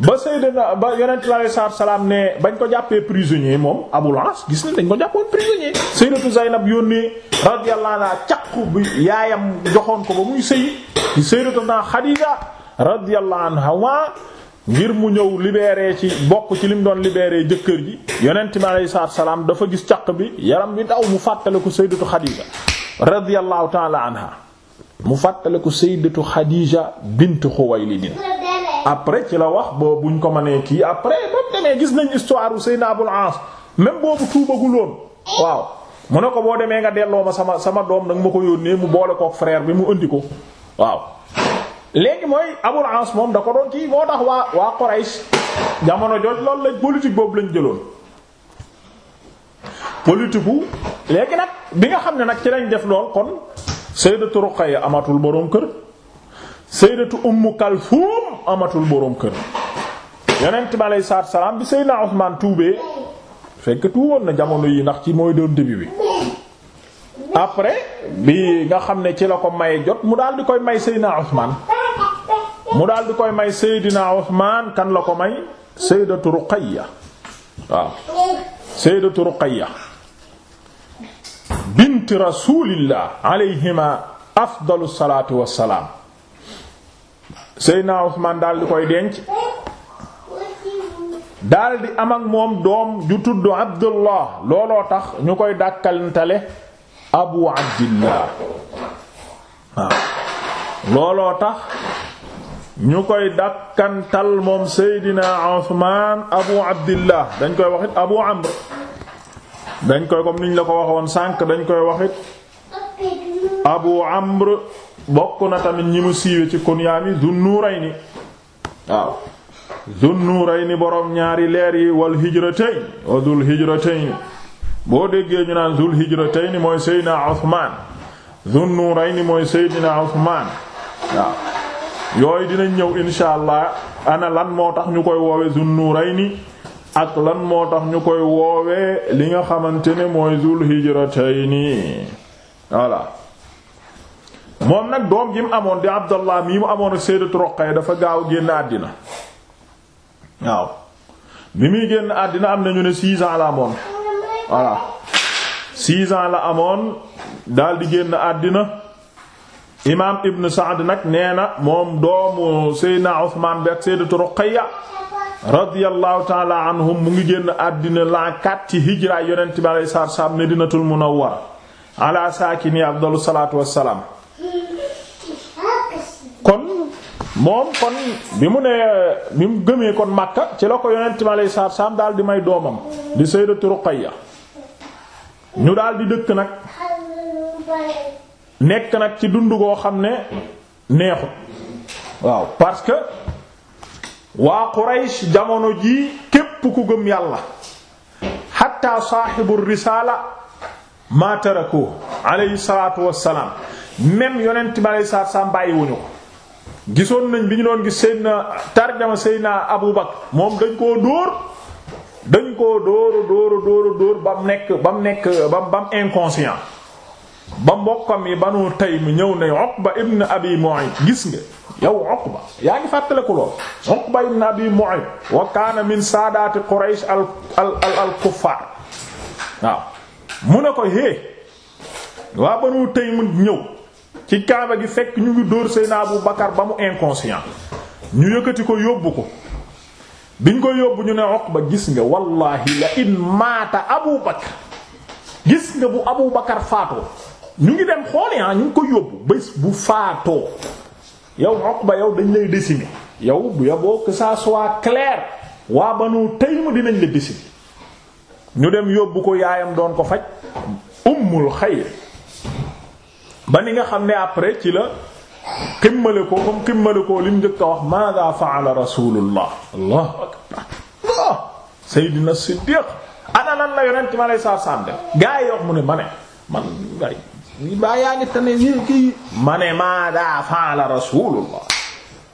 ba Seydina ba yonent alayhi salaam ne bañ ko jàppee prisonnier moom Abul Aas gis nañ dañ ko jàppoon prisonnier Sayyidatu Zaynab yónnee radiyallahu anha caqu bi yaayam joxoon ko ba muy sëy di Sayyidatuna Xadiija radiyallahu anhuma ngir mu ñëw libéré ci bokk ci lim doon libéré jëkkër ji yonent bi alayhi salaatu salaam dafa gis caq bi yaram bi daw mu fàttaliku sayyidatu Xadiija radiyallahu ta'ala anha mu fàttaliku sayyidatu Xadiija bint Xuwaylid après ci la wax boo buñ ko mënee kii après ba demee gis nañ histoire u Sayyidina Abul Aas même boobu tuubagul woon waaw mu ne ko boo demee nga delloo ma sama sama doom nag ma ko yónnee mu boole kook frère bi mu indi léegi mooy Abul As moom da ko doon kii moo tax waa waa Quraysh jamono joj loolu lañ politique boobu lañ jëloon politique bu nag bi nga xam ne nag ci lañ def lool kon Sayyidatu Ruqayya amatul boroom kër Sayyidatu Ummu Kalthum amatul boroom kër yonent bi aley salaam bi Seydina Usmaan tuubee fekk tuuboon na jamono yi ndax ci mooy doon début bi après bi nga xam ne ci la ko may jot mu daal di koy may Seydina Usmaan mu daal di koy may Seydina Usmaan kan la ko may Sayyidatu Ruqayya waaw Sayyidatu Ruqayya bint Rasuulillah alayhima afdalu salaatu wassalaam Seydina Usmaan daal di koy denc daal di am moom doom ju tudd Abdullah looloo tax ñu koy dàkkalantale Abu Abdillah waaw looloo tax ñu koy dàkkantal moom Seydina Usmaan Abu Abdillah dañ koy waxit Abu Amr dañ koy comme niñ la ko waxoon sànq dañ koy waxit Abu Amr bokk na tamit ñi mu siiwe ci kunyaam yi Zun Nurayni waaw Zun Nurayni borom ñaari leer yi wal hijratayn wa dul hijratayn boo déggee ñu naan Zul hijratayn mooy Seydina Usmaan Zun Nurayni mooy Seydina Usmaan waaw yooyu dinañ ñëw insha allah ana lan moo tax ñu koy woowe Zun Nurayni ak lan moo tax ñu koy woowe li nga xamante ne mooy Zul Hijratayni voilà moom nag doom ji mu amoon di Abdallah mii mu amoon ak Sayyidatu Ruqayya dafa gaaw génn àddina waaw bi muy génn àddina am na ñu ne six la amoon voilà six la amoon daal di génn àddina imaam ibn Saad nag nee na moom doomu Seydina Usmaan bi ak anhum mu ngi génn àddina l'an 4 ci hijra yonent bi alayhi salaatu salaam Madinatul Munawwara ala saakini afdalu salaatu wassalaam kon moom kon bi mu nee bi mu gëmee kon Makka ci la ko yonent bi alayhi salaatu salaam daal di may doomam di Sayyidatu Ruqayya ñu daal di dëkk nag nekk nag ci dund goo xam ne neexut waaw parce que waa Quraysh jamono jii képp ku gëm yàlla xatta saaxibu risaala maa taraku alayhi salaatu wassalaam même yonent bi alayhi salaatu wassalaam bàyyiwuñu ko gisoon nañ bi ñu doon gis Seydina tarjama Seydina Abu Bakr moom dañ koo dóor dañ koo dóor dóor dóor dóor ba mu nekk bam mu nekk ba mu ba mbokkam yi banu Taym ñëw ne Uqba ibn Abi Mu'ayt gis nga yow Uqba yaa ngi fàttaliku lool Uqba ibn Abi Mu'ayt wa kaana min saadaati Quraysh al al al kuffaar waaw mu ne ko hé waa banu Taym ñëw ci Kaaba gi fekk ñu ngi dóor Seydina Abu Bakar ba mu inconscient ñu yëkkati ko yóbbu ko biñ ko yóbbu ñu ne Uqba gis nga wallahi la in maata Abu Bakar gis nga bu Abu Bakar faatoo ñu ngi dem xooli ah ñu ngi ko yóbbu bés bu faatoo yow ba yow dañ lay décimer yow bu yaboo que ça soit clair waa Banu Taym dinañ la décimer ñu dem yóbbu ko yaayam doon ko faj ummul xayr ba ni nga xam ne après ci la ximmale ko comme ximmale ko lim njëkk a wax maada faala rasulullah allahu akbar Seydina Siddiq ana lan la yonent ma lay saa sànde gaa yi wax mu ne ma ne man ngay baa yaa ngi tane yi kii ma ne maa daa faala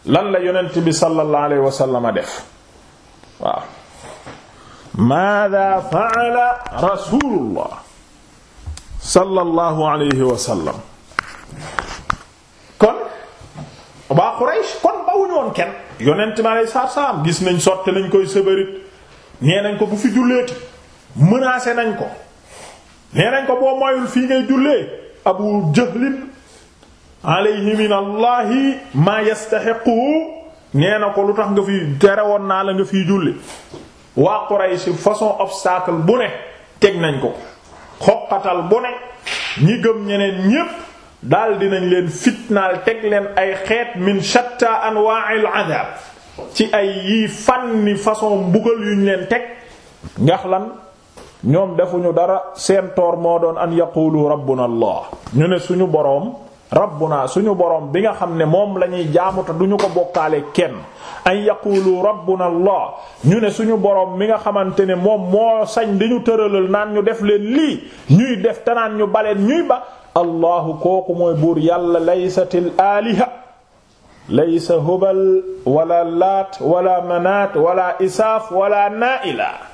lan la yonent bi sallallahu alayhi wa sallam def waaw maada faala rasulullah sallallahu alayhi wa sallam kon waa Quraysh kon bawuñu woon kenn yonent mi alayhi salaatu salaam gis nañ sotti nañ koy sëbërit nee nañ ko bu fi julleeti menacé nañ ko nee nañ ko boo moyul fii ngay jullee abu jahlin alayhi min allahi maa yastaxiquhu nee ko lu tax nga fi tere woon naa la nga fiy julli waa Quraysh façon obstacle bu ne teg nañ ko xoqatal bu ne ñi gëm ñeneen ñépp daldi nañ leen fitnaal teg leen ay xeet min shatta anwa'il adab ci ay yii fànni façon mbugal yuñ leen teg ngax lan ñoom defuñu dara seen toor moo doon an yaqulu rabbuna allah ñu ne suñu boroom rabbuna suñu boroom bi nga xam ne moom lañuy ñuy duñu ko bokkaale kenn an yaqulu rabbuna allah ñu ne suñu boroom mi nga xamante ne moom moo sañ di ñu tëralal naan ñu def leen lii ñuy def tanaan ñu baleen ñuy ba allahu kooku mooy buur yàlla laysatil aliha laysa hubal wala laat wala manaat wala isaaf wala naila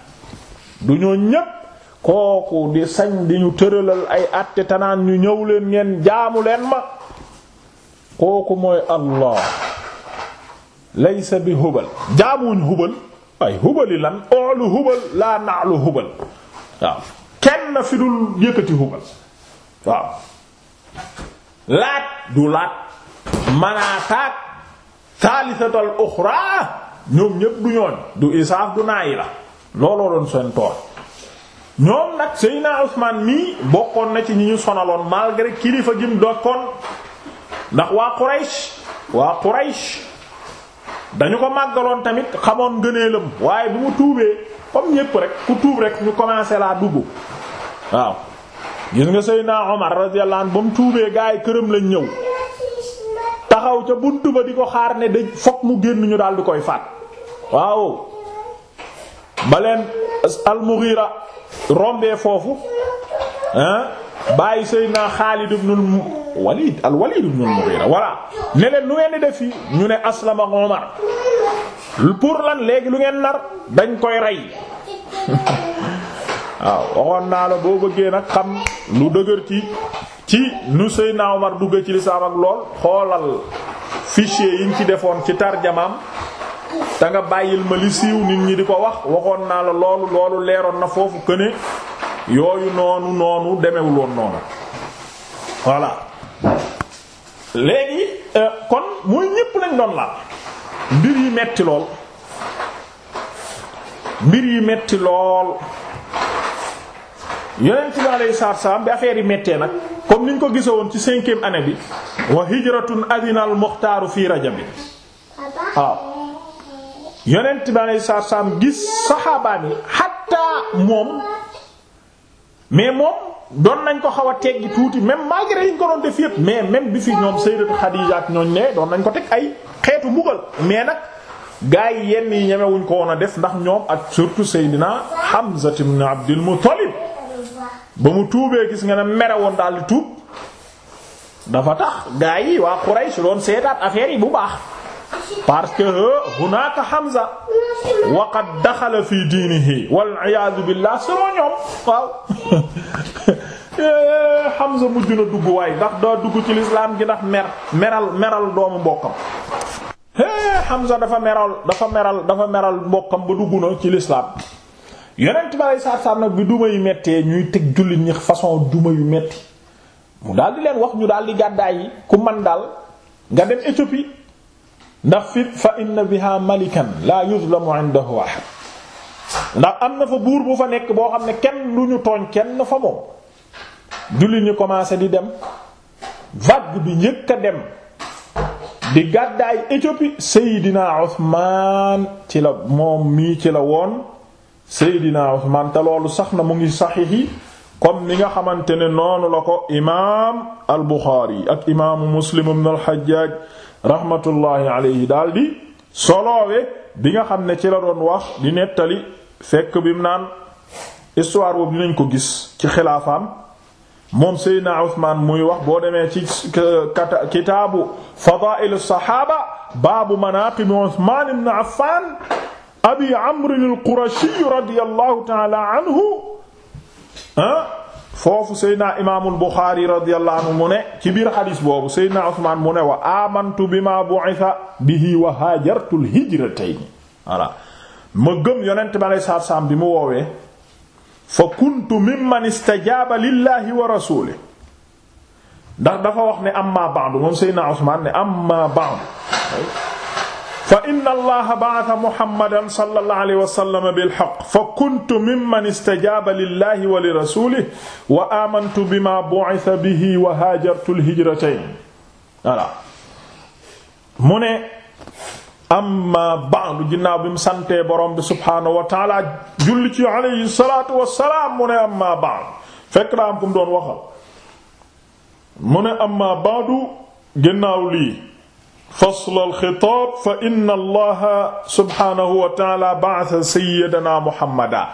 du ñoo ñépp kooku di sañ di ñu tëralal ay àtte tanaan ñu ñëw leen ngeen jaamu leen ma kooku mooy allah laysa bi hubal jaamuñ hubal ay hubali lan oolu hubal laa naalu hubal waaw kenn fi dul yëkkati hubal waaw laat du laat manaataak saalisatal uxraa ñoom ñépp du ñooñ du isaaf du naayi la looloo doon seen tool ñoom nag Seydina Usmaan mii bokkoon na ci ñi ñu sonaloon malgré kilifa gim dokkoon ndax waa Quraysh waa Quraysh dañu ko màggaloon tamit xamoon ngëneelam waaye bu mu tuubee comme ñépp rek ku tuub rek ñu commencé laa dugg waaw gis nga Seydina Omar radiyallahu ba mu tuubee gaa yi këram lañ ñëw taxaw ca buntu ba di ko xaar ne dañ fokk mu génn ñu daal di koy faat waaw ba leen al-Mughira rombee foofu bàyyi Seydina Xaalid ibnul Walid al-Walid ibnul Mughira voilà ne leen lu ngeen di def fii ñu ne aslama Omar pour lan léegi lu ngeen nar dañ koy rey waaw waxoon naa la boo bëggee nag xam lu dëgër ci ci nu Seydina Omar dugg ci lislaam ak lool xoolal fichier yiñ ci defoon ci tarjamaam te nga bàyyil ma li siiw nit ñi di ko wax waxoon naa la loolu loolu leeroon na foofu këne yooyu noonu noonu demewu loon noonu voilà léegi euh, kon muy ñépp lañ doon la mbir yi metti lool mbir yi metti lool yeneen ci lay saar bi affaire yi mettee nag comme niñ ko gisa woon ci cinquième année bi wa hijratun adinal muxtaaru fii rajabi waaw yeneen bi alayhi salaatu salaam gis saxaabaa bi xatta moom mais moom doon nañ ko xaw a teggi tuuti même malgré yi ñu ko doon def yépp mais même bi fi ñoom Sayyidatu Xadiija ak ñooñ ne doon nañ ko teg ay xeetu mbugal mais nag gaa yi yenn yi ñemewuñ ko woon a def ndax ñoom ak surtout Seydina Hamza ibn Abdul Muttalib ba mu tuubee gis nga ne mere woon daal di tuub dafa tax gaa yi waa Quraysh doon seetaat affaire yi bu baax. parce que euh, hunaaka Hamza wa qad daxala fi diinihi wal iyaadu billah selon ñoom waaw eh, Hamza mujj na dugg waaye ndax daa dugg ci lislaam gi ndax mer meral meral doomu mbokkam eh, Hamza dafa meral dafa meral dafa meral mbokkam ba dugg na ci lislaam yonent ba lay saar saar nag bi duma yu mettee ñuy teg jullit façon duma yu metti mu daal di leen wax ñu daal di gàddaay yi ku man daal nga dem Éthiopie ndax fit fa inna biha malikan la yuzlamu indahu ndax am na fa buur bu fa nekk boo xam ne kenn lu ñu tooñ kenn fa moom julli ñu commencé di dem vague bi njëkk a dem di gàddaay Éthiopie Seydina Ousmane ci la moom mii ci la woon Seydina Ousmane te loolu sax na mu ngi saxiix yi comme ni nga xamante ne noonu la ko imaam al Bukhari ak imaamu Muslim ibn al rahmatullahi alayhi daal di soloowe bi nga xam ne ci la doon wax di nettali fekk bi mu naan histoire bi dinañ ko gis ci xilaafaam moom Seydina Usmaan muy wax boo demee ci kitaabu fadaa'il saxaaba baabu manaaqibi Usmaan ibn Affaan abi Amr al-Qurashi radiyallahu ta'ala anhu ah foofu seydna imaamul Buxaari radiyallahu anhu mu ne ci biir xadis boobu seydna Usmaan mu ne bi amantu bima bu'itha bihi wa haajartul hijratayni voilà ma gëm yonent bi alei mu woowee fa kuntu mimman istajaaba lillahi wa rasuulihi ndax dafa wax ne amma ba'du moom seydna Usmaan ne amma ba'du fa inna allaha ba'atha muhammadan sallallahu alayhi wa sallam bil haqq fa kuntu mimman istajaaba lillahi wa li rasulihi wa amantu bima bu'itha bihi wa haajartu al-hijratayn voilà mu ne amma ba'du ginnaaw bi mu santee borom bi subhaanahu wa taala julli ci alayhi salaatu wa salaam mu ne amma ba'du fekk daa am ku mu doon waxal mu ne amma ba'du ginnaaw lii fasl alxitaab fa inna allaha subhaanahu wa taala ba'atha sayyidanaa muhammadan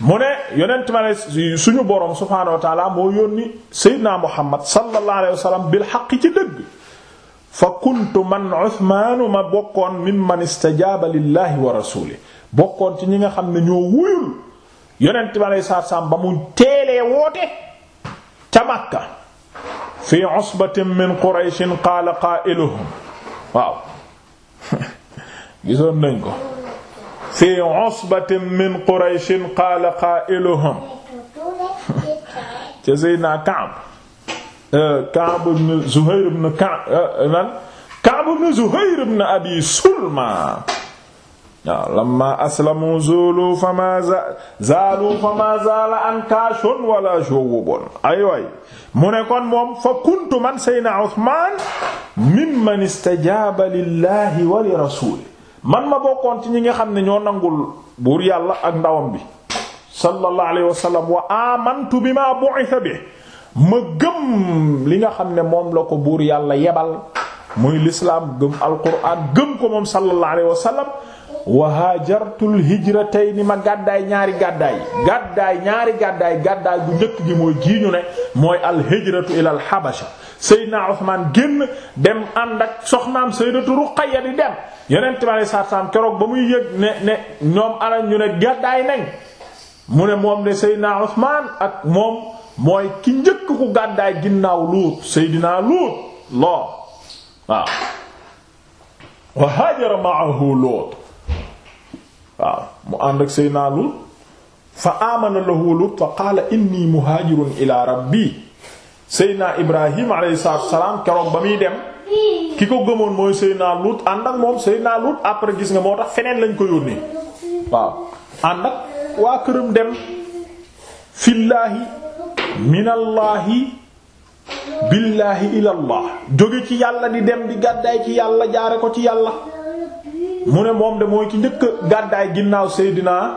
mu ne yonent ma ne suñu boroom subhaanahu wa taala moo yónni sayyidinaa muhammad sallallahu alayhi wa sallam bil xaq ci dëgg fa kuntu man Usmaanu ma bokkoon mimman istajaaba lillahi wa rasuulihi bokkoon ci ñi nga xam ne ñoo wuyul yonent ma ne saa saam ba mu teelee woote ca Makka fi usbatin min Qurayshin qaala qaa'iluhum waaw gisoon nañ ko fi usbatin min qurayshin qaala qaa'iluhum ca Seydina Kaab eh, Kaab ibn Zuhayr ibn Kaab eh, Kaab ibn Zuhayr ibn Abi Sulma waaw lamma aslamu zulu fama zalu fama zala ankashun wala shuwubun ay way mu ne kon moom fa kuntu man sayna Uthman mimman istajaba lillahi wa li rasuli man ma bokkoon ci ñi nga xam ne ñoo nangul buur yàlla ak ndawam bi sallallahu alayhi wa sallam wa amantu bima bu'itha bi ma gëm li nga xam ne moom la ko buur yàlla yebal muy lislaam gëm alquran gëm ko moom sallallahu alayhi wa sallam wa hajartul hijratayni ma gàddaay ñaari gàddaay gàddaay ñaari gàddaay gàddaay bu njëkk gi mooy gii ñu ne mooy al hijratu ila al habasha Seydina Usmaan génn dem ànd ak soxnaam Sayyidatu Ruqayya di dem yeneen tamit ay keroog ba muy yëg ne ne ñoom ala ñu ne gàddaay nañ mu ne moom de Seydina Usmaan ak moom mooy ki njëkk ku gàddaay ginnaaw Luut Seydina Luut loo waaw wa hajara ma'ahu Luut waaw mu ànd ak Seydina Lut fa amana lahu Lut fa qaala inni muhaajirun ila rabbi Seydina Ibrahim alayhi salaam keroog ba muy dem ki ko gëmoon mooy Seydina Lut ànd ak moom Seydina Lut après gis nga moo tax feneen lañ ko yónnee waaw ànd ak waa këram dem fillaahi minallaahi billaahi ilallah jóge ci yàlla di dem di gàddaay ci yàlla jaare ko ci yàlla mu ne moom de mooy ci njëkk gàddaay ginnaaw seydinaa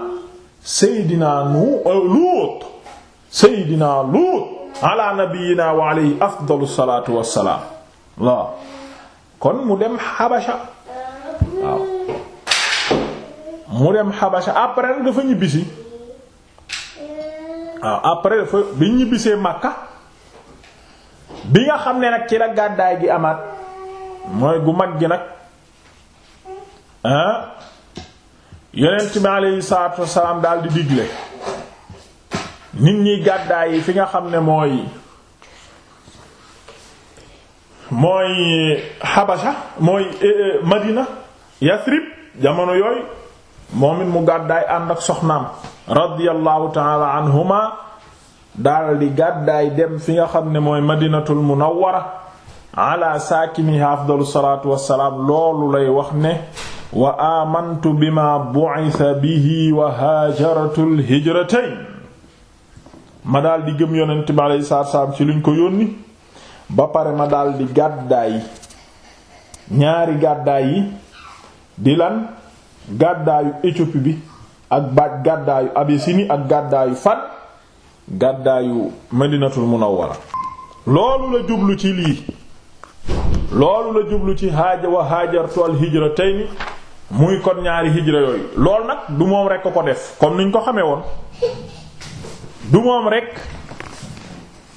seydinaa nu euh, luut seydinaa luut ala nabiyina wa alayhi afdalu salaatu wassalaam waaw kon mu dem xabasha waaw mu dem xabasha après nag dafa ñibbisi waaw après dafa bi ñibbisee makka bi nga xam ne nag ci la gàddaay gi amaat mooy gu mag gi nag yonent bi aleyhi salaatu wasalaam daal di digle nit ñi gàddaay yi fi nga xam ne mooy mooy xabasa mooy eh, eh, madina yasrib jamono yooyu moomit mu gàddaay ànd ak soxnaam radiyallahu taala anhuma daal di gàddaay dem fi nga xam ne mooy madinatul munawwara ala saakini afdalu salaatu wasalaam loolu lay wax ne wa amantu bima bu'itha bihi wa haajaratu alhijratayn ma daldi gëm yonent bi alayhi salaatu salaam ci luñ ko yónni ba pare ma daldi gàddaay ñaari gàddaay yi di lan gàddaayu Éthiopie bi ak baaj gàddaayu Abyssinie ak gàddaayu fan gàddaayu Madinatul Munawwara loolu la jublu ci lii loolu la jublu ci haaja wa haajartu al hijratayni muy kon ñaari hijra yooyu loolu nag du moom rek ko def comme niñ ko xamee woon du moom rek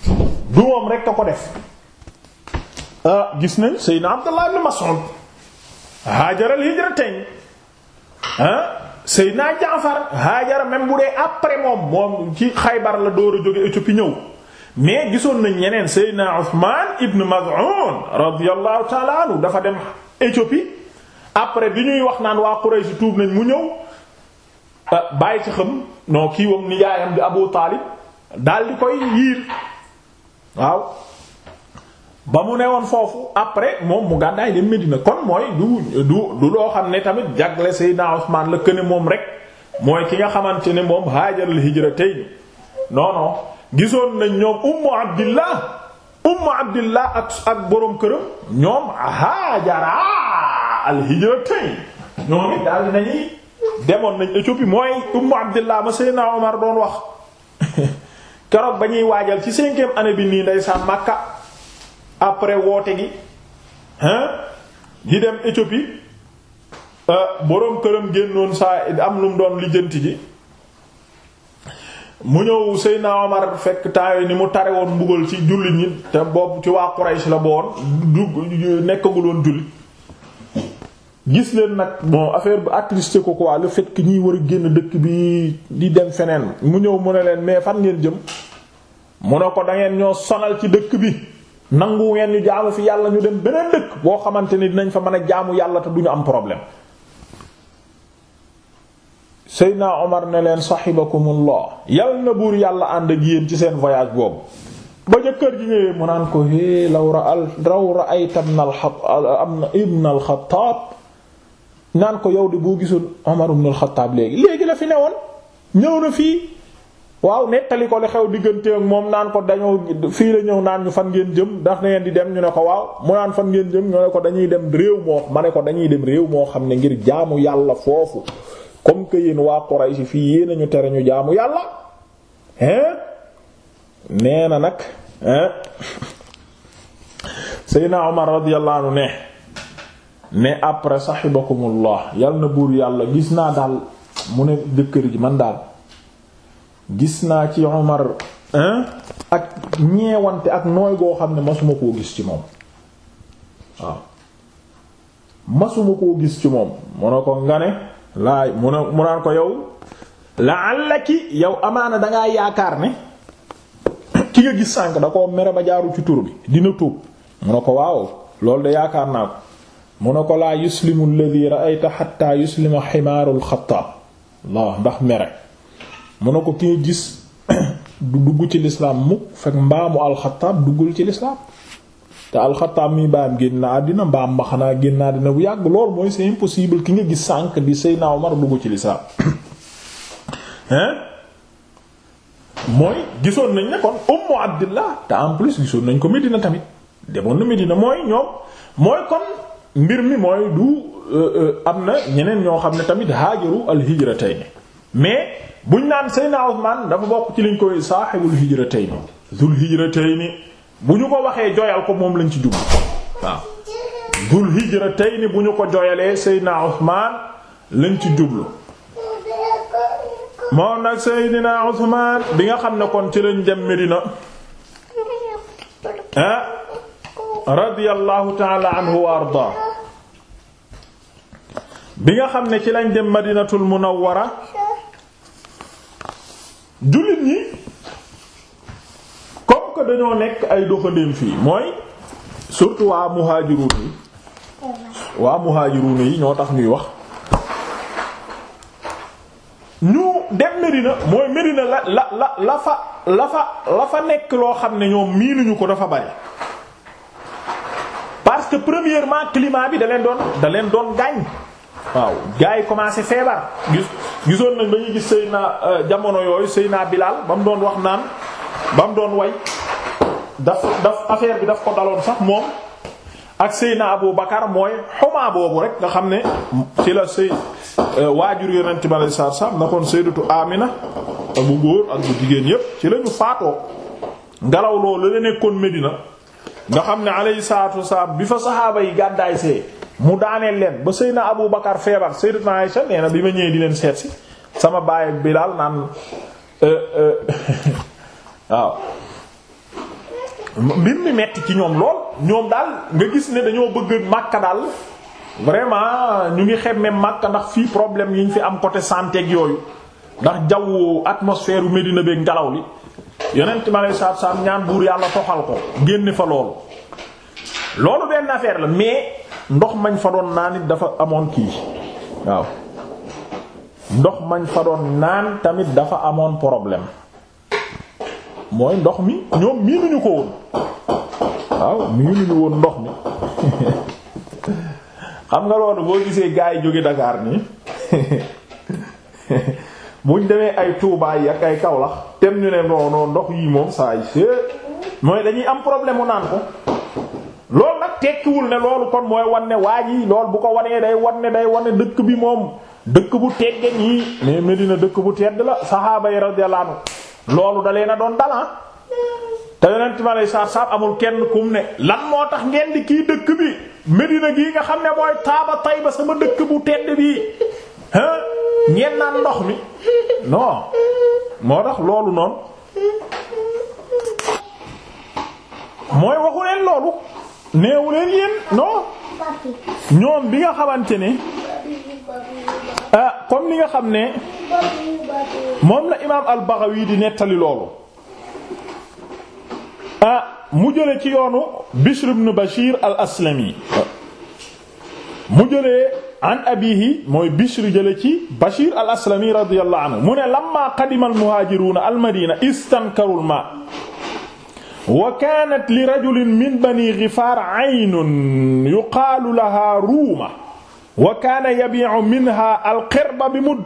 du moom rek ko def ah gis nañ Seydina Abdullah ibn Mas'ud haajaral hijratayn ah Seydina Jaafar haajara même bu dee après moom moom ci Xaybar la door a jóge Éthiopie ñëw mais gisoon nañ ñeneen na Usmaan ibn Maz'un radiyallahu ta'ala anhu dafa dem Éthiopie après bi ñuy wax naan waa Quraysh tuub nañ mu ñëw euh, bàyyi ci xam non kii wam di Abu Taalib daal di koy yiir waaw ba mu ne woon foofu après moom mu gàddaay dem Medina kon mooy du du du loo xam ne tamit jagle Seydina Usmaan la këne moom rek mooy ki nga xamante ne moom haajaral hijratayn non non gisoon nañ ñoom ummu abdillah ummu abdillah ak ak boroom këram ñoom haajara alhijratayn ñoom it daal nañuy demoon nañ Éthiopie mooy ummu abdillah ma Seydina Omar doon wax keroog ba ñuy waajal ci cinquième année bi nii ndeysaan Makka après woote gi hein di dem Éthiopie euh, boroom këram génnoon saa am lu mu doon lijjanti ji mu ñëw Seydina Omar fekk temps ni mu tare woon mbugal ci jullit ñi te boobu ci waa Quraysh la boon du nekkaguloon jullit gis leen nag bon affaire bu attristé ko quoi le fait que ñiy war a génn dëkk bi di dem feneen mu ñëw mu ne leen mais fan ngeen jëm mu ne ko da ngeen ñoo sonal ci dëkk bi nangu ngeen ñu jaamu fi yàlla ñu dem beneen dëkk boo xamante ni dinañ fa mën a jaamu yàlla te du ñu am problème. Seydina Omar ne leen sahibakumullah yàlla na buur yàlla ànd ak yéen ci seen voyage boobu. ba jëkkër ji ñëwee mu naan ko hee law al raw ay tam na al ibn al Xattaab naan ko yow di boo gisoon Omar ibn al-Khattab léegi léegi la fi woon ñëw na fii waaw nettali ko li xew diggante ak moom naan ko dañoo fii la ñëw naan ñu fan ngeen jëm ndax na ngeen di dem ñu ne ko waaw mu naan fan ngeen jëm ñu ne ko dañuy dem réew moo ko dañuy dem réew moo xam ne ngir jaamu yàlla foofu comme que yéen waa Quraysh fii yéen ñu tere ñu jaamu yàlla hein nee na nag hein Seydina Omar radiyallahu anhu ne mais après sahibakumullah yal na buur yàlla gis naa daal mu ne jëkkër ji man daal gis naa ci Omar ak ñeewante ak nooy goo xam ne masuma koo gis ci moom waaw koo gis ci moom mu ne ko nga ne laay mu ne mu naan ko yow la'allaki yow amaana dangaa yaakaar ne ki nga gis sànk da koo mere ba jaaru ci tur bi dina tuub mu ne ko waaw loolu de yaakaar naa ko mu ne ko laa yuslimu alladhi ra'ayta hatta yuslima ximaarul xattaab la ndax mere mu ne ko ki nga gis du dugg ci lislaam mukk fekk mbaamu alxataab duggul ci lislaam te alxataab mi baam génn na àddina mbaam ma xanaa génn na àddina bu yàgg lool mooy c'est impossible ki nga gis sànq di Seydina Omar dugg ci lislaam hein mooy gisoon nañ ne kon ummu abdillah te en gisoon nañ ko Medina tamit demoon na Medina mooy ñoom mooy kon mbir mi mooy du euh, euh, am na ñeneen ñoo xam ne tamit haajaru al hijratayni mais buñ naan Seydina Usmaan dafa bokk ci liñ koy saaxibul hijratayni zul hijratayni bu ñu ko waxee jooyal ko moom lañ ci jublu waaw zul hijratayni bu ñu ko joyalee Seydina Usmaan lañ ci jublu moom nag Seydina Usmaan bi nga xam ne kon ci lañ dem Medina radiyallahu taala anhu wa arda bi nga xam ne ci lañ dem madinatul munawwara jullit ñi comme que dañoo nekk ay doxandéem fii mooy surtout waa muhaajiruun yi waa muhaajiruun yi ñoo tax ñuy wax ñu dem Medina mooy Medina la la la la fa la fa la fa nekk loo xam ne ñoom miinuñu ko dafa bari parce que premièrement climat bi da leen doon da doon gaañ waaw gars yi commencé feebar gis gisoon nañ ba ñuy gis sëy na euh, jamono yooyu sëy naa Bilaal ba mu doon wax naan ba mu doon way daf daf affaire bi daf ko daloon sax moom ak sëy na Abu Bakar mooy xoma boobu rek nga xam ne ci la sëy euh, waajur yonent bi alayhi salaatu salaam na kon sayyidatu Amina bu góor ak bu jigéen yépp ci la ñu faatoo ngelaw loolu la nekkoon Medina nga xam ne alayhi salaatu wasalaam bi fa saxaaba yi gàddaay see mu daaneel leen ba na Abu Bakar feebar Sayyidatuna Aisha sa na bi ma ñëwee di leen seet si sama baay Bilaal naan euh, euh, waaw mbir mi metti ci ñoom lool ñoom daal nga gis ne dañoo bëgg Makka daal vraiment ñu ngi xemme Makka ndax fii problème yi ñu fi am côté santé ak yooyu ndax jawwu atmosphère u Medina beek ngelaw li yonent ma lay saab ñaan buur yàlla toxal ko génne fa loolu loolu benn affaire la mais ndox mañ fa doon naan it dafa amoon kii waaw ndox mañ fa doon naan tamit dafa amoon problème mooy ndox mi ñoom miinuñu ko woon waaw miinuñu woon ndox mi xam nga loolu boo gisee gaa yi jóge Dakar nii buñ demee ay tuubaa yi ak ay Kaolack tem ñu ne non ndox yii moom saa yi mooy dañuy am problème mu naan ko loolu nag tekkiwul ne loolu kon mooy wan ne waa ji loolu bu ko wanee day wan ne day wan dëkk bi moom dëkk bu tegge nii mais Medina dëkk bu tedd la saxaaba yi radiyallahu anhu loolu dalee na doon dalan ah. te yonent mi amul kenn kum ne lan moo tax ngeen di kii dëkk bi Medina gii nga xam ne mooy taaba ba sama dëkk bu tedd bi hein ah. ñeen naan ndox mi non moo tax loolu noonu mooy waxu leen loolu neewu leen yéen non ñoom bi nga xamante ne ah comme li nga xam ne moom la imaam al di nettali loolu ah mu jële ci yoonu Bishr ibn Bashir al mu jëlee an abihi mooy Bishr jële ci Bashir al aslami radiyallahu anhu mu ne lamma qadima al muhaajiruuna al madina istankaru al maa wa kaanat li rajulin min bani Gifaar aynun yuqaalu lahaa ruuma wa kaana yabii'u minhaa al qirba bi mudd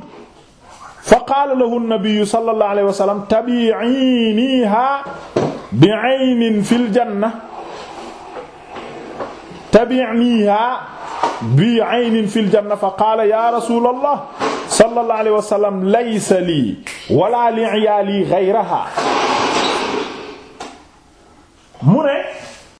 fa qaala lahu nabiyyu sallallahu alayhi wa sallam tabi'iinihaa bi'aynin fil janna tabi'niihaa bi aynin fil janna fa qaala ya rasulallah sallallahu alayhi wa sallam laysa lii wala li iyaali ghayraha mu ne